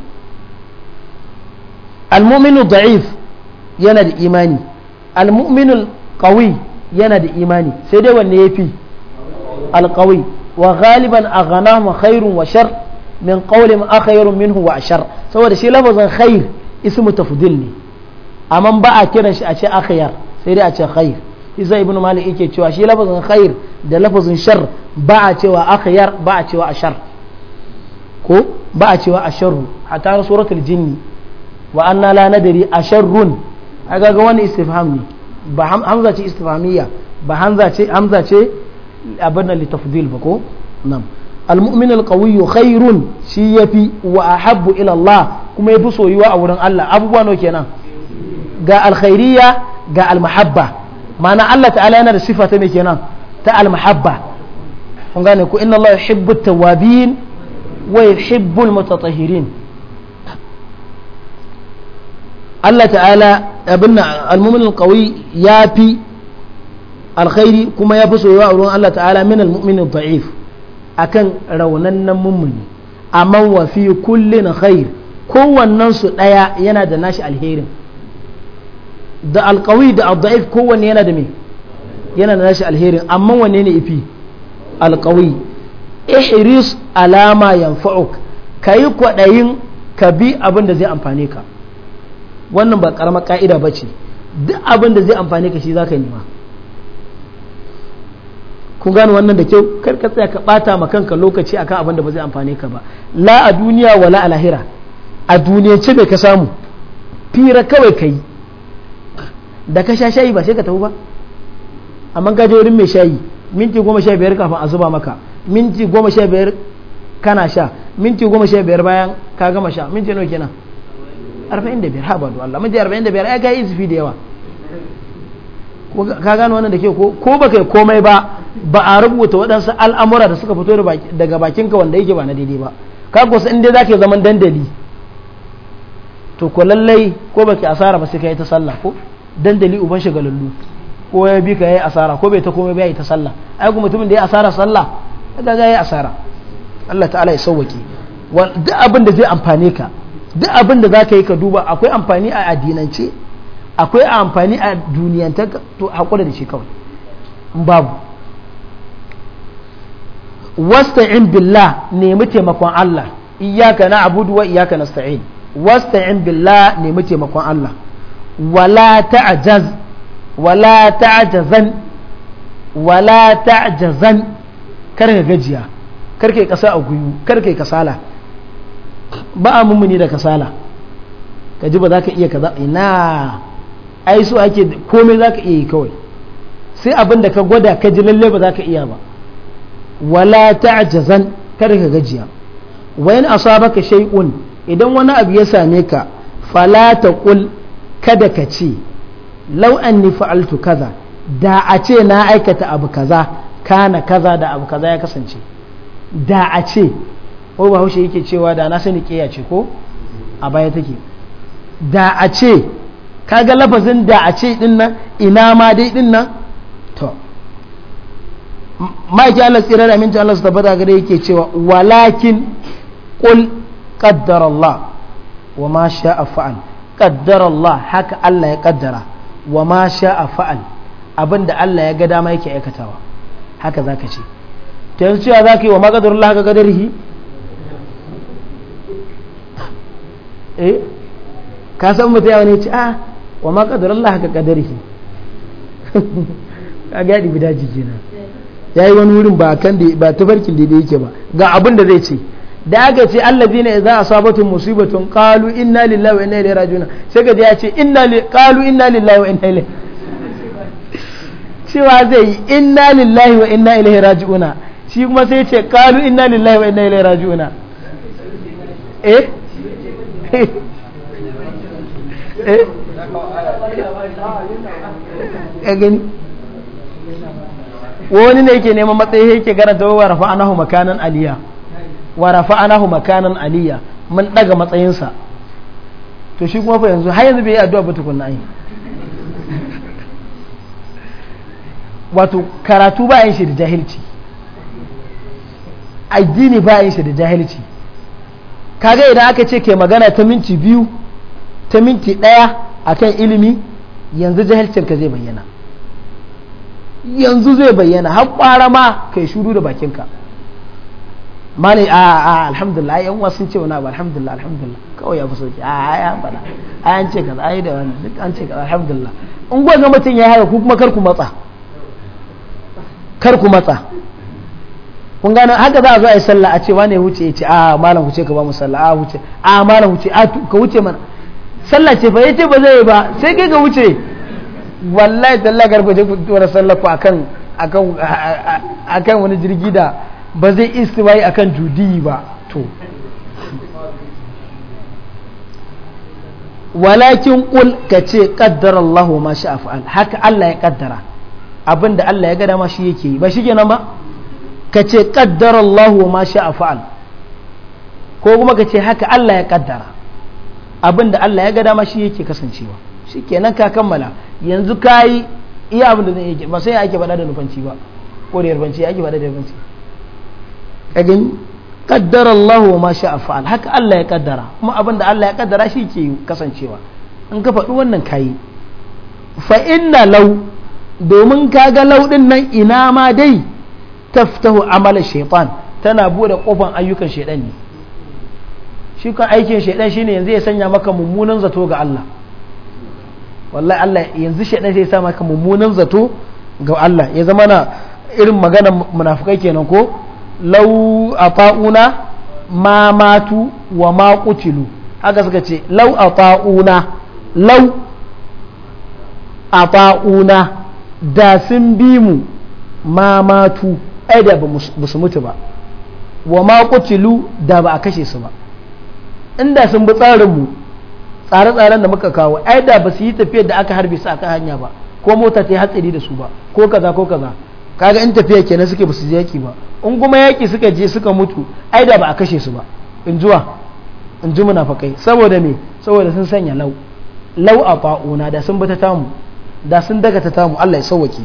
al-mu'minu da'if yana da imani al-mu'minu qawi yana da imani sai dai wanne ya fi wa galiban a ganahu khairun wa shar min a akhayrun minhu wa shar saboda shi lafazin khair ismu tafdil ne amma ba a kiran shi a ce akhyar sai dai a ce khair isa ibn malik yake cewa shi lafazin khair da lafazin shar ba a cewa akhyar ba a cewa ashar ko ba a cewa asharru hatta suratul jinni wa anna la nadri asharrun aga ga wani istifham ne ba hamza ce istifhamiyya ba hamza ce hamza ce abin da litafdil ba ko nan al-mu'min al-qawiy khairun shi yafi wa ahabbu ila Allah kuma yafi soyuwa a wurin Allah abubuwa no kenan ga al-khairiyya ga al-mahabba ma'ana Allah ta'ala yana da sifa ta me kenan ta al-mahabba kun gane ko inna Allah yuhibbu at-tawwabin wa yuhibbu al-mutatahhirin Allah ta'ala abin na almumin alkawi ya fi alkhairi kuma ya fi soyuwa a ruwan Allah ta'ala min almu'minin da'if akan raunannan mummuni amma wa fi kullin khair kowannen su ɗaya yana da nashi alherin da alkawi da da'if kowanne yana da me yana da nashi alherin amma wanne ne ifi alkawi ihris alama yanfa'uk kayi kwaɗayin ka bi abin da zai amfane ka wannan ba karamar ka'ida ba ce duk abin da zai amfani ka shi za ka nema kun gane wannan da kyau kar ka tsaya ka bata ma kanka lokaci akan abin da ba zai amfani ka ba la a duniya wala a lahira a ce bai ka samu fira kawai ka yi da ka sha shayi ba sai ka tafi ba amma ka je wurin mai shayi minti goma sha biyar kafin a zuba maka minti goma sha biyar kana sha minti goma sha biyar bayan ka gama sha minti nawa kenan 45 ha ba Allah miji 45 ya ga zufi da yawa ka gano wannan da ke ko ko baka komai ba ba a rubuta waɗansu al'amura da suka fito daga bakinka wanda yake ba na daidai ba ka kusa in dai zaka zaman dandali to ko lallai ko baki asara ba sai ka yi ta sallah ko dandali uban shagalallu ko ya bi ka yi asara ko bai ta komai ba yi ta sallah ai kuma mutumin da ya asara sallah kaga yi asara Allah ta'ala ya sauwake duk abin da zai amfane ka duk abin da za ka yi ka duba akwai amfani a addinance akwai amfani a duniyanta to haƙura da shi kawai babu wasta'in billah nemi taimakon Allah iyaka na abudu wa iyaka nasta'in wasta'in billah nemi taimakon Allah wala ta'ajaz wala ta'ajazan wala ta'ajazan kar ka gajiya kar yi kasa a guyu kar kai kasala ba a mummuni da kasala ka ji ba za ka iya kaza ina ai so ake komai za ka iya yi kawai sai abin da ka gwada ka ji lalle ba za ka iya ba wala ajazan kada ka gajiya wa in baka shay'un idan wani abu ya same ka fala ta ƙul kada ka ce law anni fa'altu kaza da a ce na aikata abu kaza kana kaza da abu kaza ya kasance da a ce ko ba haushe yake cewa da na sani ƙeya ce ko a baya take da a ce kaga lafazin da a ce din nan ina ma dai din nan to ma'aikin Allah tsira da aminci Allah su tabbata gare yake cewa walakin qul qaddara Allah wa ma sha'a fa'al qaddara Allah haka Allah ya kaddara wa ma sha'a fa'al abinda Allah ya ga dama yake aikatawa haka zaka ce ta yanzu cewa zaka yi wa ma qaddara Allah haka qadarihi eh ka san mutum yawon ne ce a ah, wa ma kadar Allah haka shi ka ga bi daji kenan ya yi wani wurin ba kan da ba tafarkin da yake ba ga abin da zai ce da aka ce allazi ne a sabatun musibatun qalu inna lillahi wa inna ilaihi raji'un sai ka ya ce inna qalu inna lillahi wa inna ilaihi cewa zai yi inna lillahi wa inna ilaihi raji'una shi kuma sai ce qalu inna lillahi wa inna ilaihi raji'una eh Eh? wani ne yake neman matsayi yake garanta wa rafa anahu makanan aliya wa rafa anahu makanan aliya mun daga matsayinsa to shi kuma fa yanzu har yanzu bai yi addu'a ba tukunna ai wato karatu ba yin shi da jahilci addini ba yin shi da jahilci kaga idan aka ce ke magana ta minti biyu ta minti ɗaya a kan ilimi yanzu jahilcinka zai bayyana yanzu zai bayyana har ƙwara ma kai shuru da bakinka mani a a alhamdulillah yan wasu ce wani abu alhamdulillah alhamdulillah kawai ya fi soke a ya bada a an ce kaza ai da wani duk an ce kaza alhamdulillah in gwaga mutum ya haka ku kuma kar ku matsa kar ku matsa kun gano haka za a zo a yi sallah a ce wane wuce ya ce a ah, malam wuce ka ba mu sallah a ah, wuce a ah, malam wuce a ka wuce mana sallah ce fa yace ba zai yi ba sai kai ka wuce wallahi tallah garba je ku tura sallah ku akan akan akan wani jirgi da ba zai istiwai akan judi ba to walakin kul ka ce kaddara ma sha'a fa'al haka Allah ya kaddara abinda Allah ya gada ma shi yake yi ba shi kenan ba ka ce ƙaddarallahu wa ma sha'a fa'al ko kuma ka ce haka Allah ya ƙaddara abin da Allah ya ga ma shi yake kasancewa shi kenan ka kammala yanzu ka yi iya abin da zai yake ba sai ake faɗa da nufanci ba ko da yarbanci ake faɗa da yarbanci ka gani Allah wa ma sha'a fa'al haka Allah ya ƙaddara kuma abin da Allah ya ƙaddara shi ke kasancewa in ka faɗi wannan ka yi fa inna lau domin ka ga lau ɗin nan ina ma dai taftahu amalan shaitan tana bude kofan ayyukan shaitan ne shi kan aikin shaitan shine yanzu ya sanya maka mummunan zato ga Allah wallahi Allah yanzu shaitan zai sa maka mummunan zato ga Allah ya zama na irin magana munafukai kenan ko lau ata'una ma matu wa ma qutilu haka suka ce lau ata'una lau ata'una da sun bi mu ma matu ai ba su mutu ba wa ma kutilu da ba a kashe su ba inda sun bi tsarinmu tsare-tsaren da muka kawo ai da ba su yi tafiyar da aka harbe su kan hanya ba ko mota ta yi hatsari da su ba ko kaza ko kaza kaga in tafiya kenan suke ba su je yaki ba in kuma yaki suka je suka mutu ai ba a kashe su ba in juwa in ji munafakai saboda me saboda sun sanya lau lau a fa'una da sun bi tamu da sun daga ta tamu Allah ya sauwake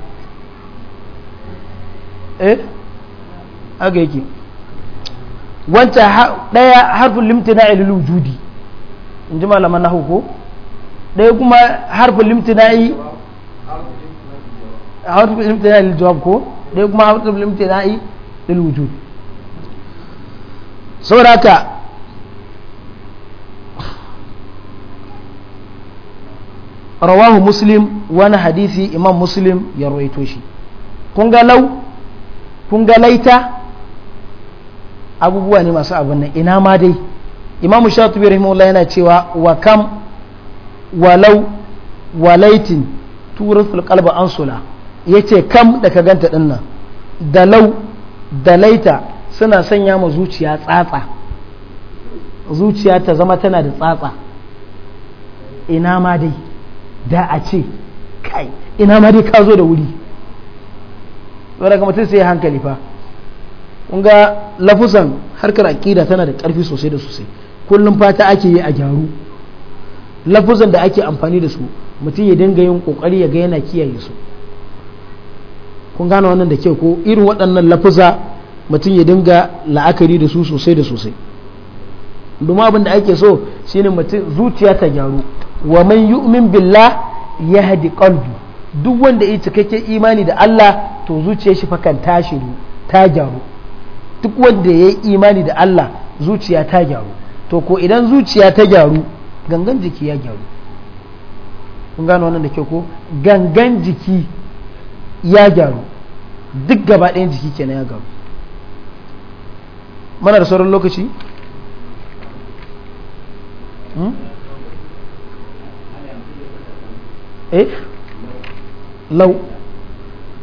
eh aga yake wancan ɗaya harfin limtina ilil wujudi in ji malama na ko ɗaya kuma harfin limtina yi harfin limtina ilil jawab ko ɗaya kuma harfin limtina yi lil wujudi sauraka rawahu muslim wani hadisi imam muslim ya rawaito shi kun ga lau kun ga laita abubuwa ne masu abin nan ina ma dai imamu shatubi rahimahullah yana cewa wa kam walau walaitin an sula ansula yace kam da ka ganta dinnan da lau da laita suna sanya ma zuciya tsatsa zuciya ta zama tana da tsatsa ina ma dai da a ce kai ina ma dai ka zo da wuri saboda kuma mutum sai hankali fa kun ga lafusan harkar aƙida tana da ƙarfi sosai da sosai kullum fata ake yi a gyaru lafuzan da ake amfani da su mutum ya dinga yin ƙoƙari ya ga yana kiyaye su kun gane wannan da kyau ko irin waɗannan lafuza mutum ya dinga la'akari da su sosai da sosai domin abin da ake so shine mutum zuciya ta gyaru wa man yu'min billah yahdi qalbi duk wanda ya cikakke imani da Allah to zuciyar shi fakan tashi ta gyaru duk wanda ya yi imani da Allah zuciya ta gyaru to ko idan zuciya ta gyaru gangan jiki ya gyaru kun gano wannan da ke ko gangan jiki ya gyaru duk gaba ɗayan jiki kenan ya gyaru mana da sauran lokaci hmm? eh lau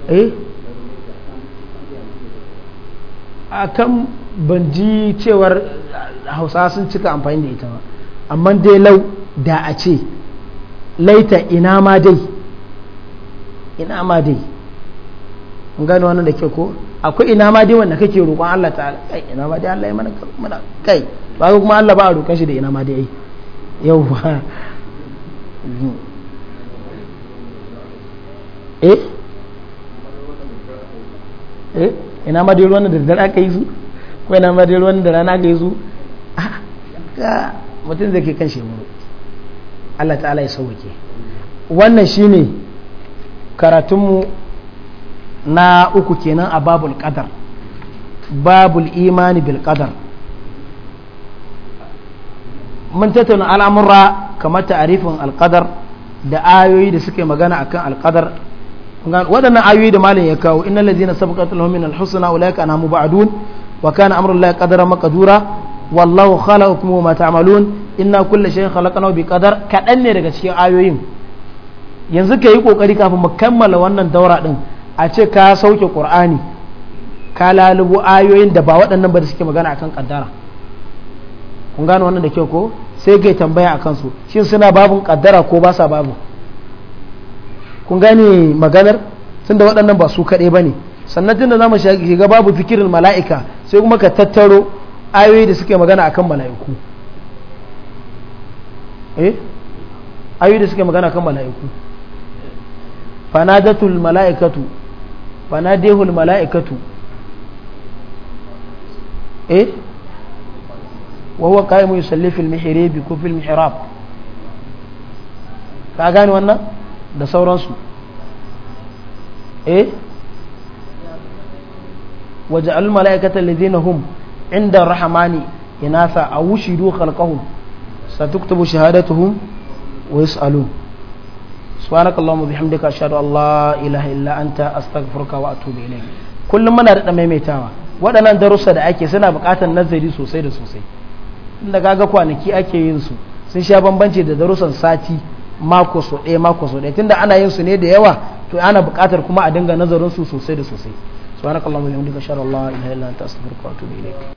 eh a kan ban ji cewar hausa sun cika amfani da ita ba amma dai lau da a ce laita ina ma dai ina ma dai in gano wani da ke ko akwai ina ma dai wanda kake roƙon Allah ta kai ina ma dai Allah ya mana mana kai ba kuma Allah ba a roƙon shi da ina ma dai yau ba. eh eh ina ma dai ruwan da dare aka yi su ko ina ma dai ruwan da rana aka yi su ah, ga mutum zai kai kan shekaru Allah ta'ala ya sauke wannan shine karatunmu na uku kenan a babul qadar babul imani bil qadar mun tattauna al'amura kamar ta'arifin alƙadar da ayoyi da suke magana akan alƙadar waɗannan ayoyi da malin ya kawo innal ladzina sabaqat lahum min al-husna ulaika anhamu ba'dun wa kana amrullahi qadaran maqdura wallahu khalaqakum wa ma ta'malun inna kulla shay'in khalaqnahu bi qadar kadan ne daga cikin ayoyin yanzu ka yi kokari kafin mu kammala wannan daura din a ce ka sauke qur'ani ka lalubo ayoyin da ba waɗannan ba da suke magana akan kaddara kun gano wannan da kyau ko sai kai tambaya akan su shin suna babun kaddara ko ba sa babu kun gane maganar tunda waɗannan ba su kaɗai ba ne sannan tunda za mu shiga babu fikirin mala'ika sai kuma ka tattaro ayoyi da suke magana akan mala'iku eh ayoyi da suke magana akan mala'iku fanadatul mala'ikatu fanadehul mala'ikatu eh وهو قائم يصلي في ka gane wannan da sauransu eh waje al-mala'ikata lazina hum inda rahamani inasa a wushidu khalqahum satuktubu shahadatuhum wa yus'alun subhanaka bihamdika ashhadu an la ilaha illa anta astaghfiruka wa atubu ilayk kullum muna da maimaitawa waɗannan darussa da ake suna buƙatar nazari sosai da sosai inda kaga kwanaki ake yin su sun sha bambanci da darussan sati mako so ɗaya mako so ɗaya tunda ana yin su ne da yawa to ana buƙatar kuma a dinga nazarin su sosai da sosai subhanakallahumma wa bihamdika ashhadu an la ilaha illa anta astaghfiruka wa atubu ilaik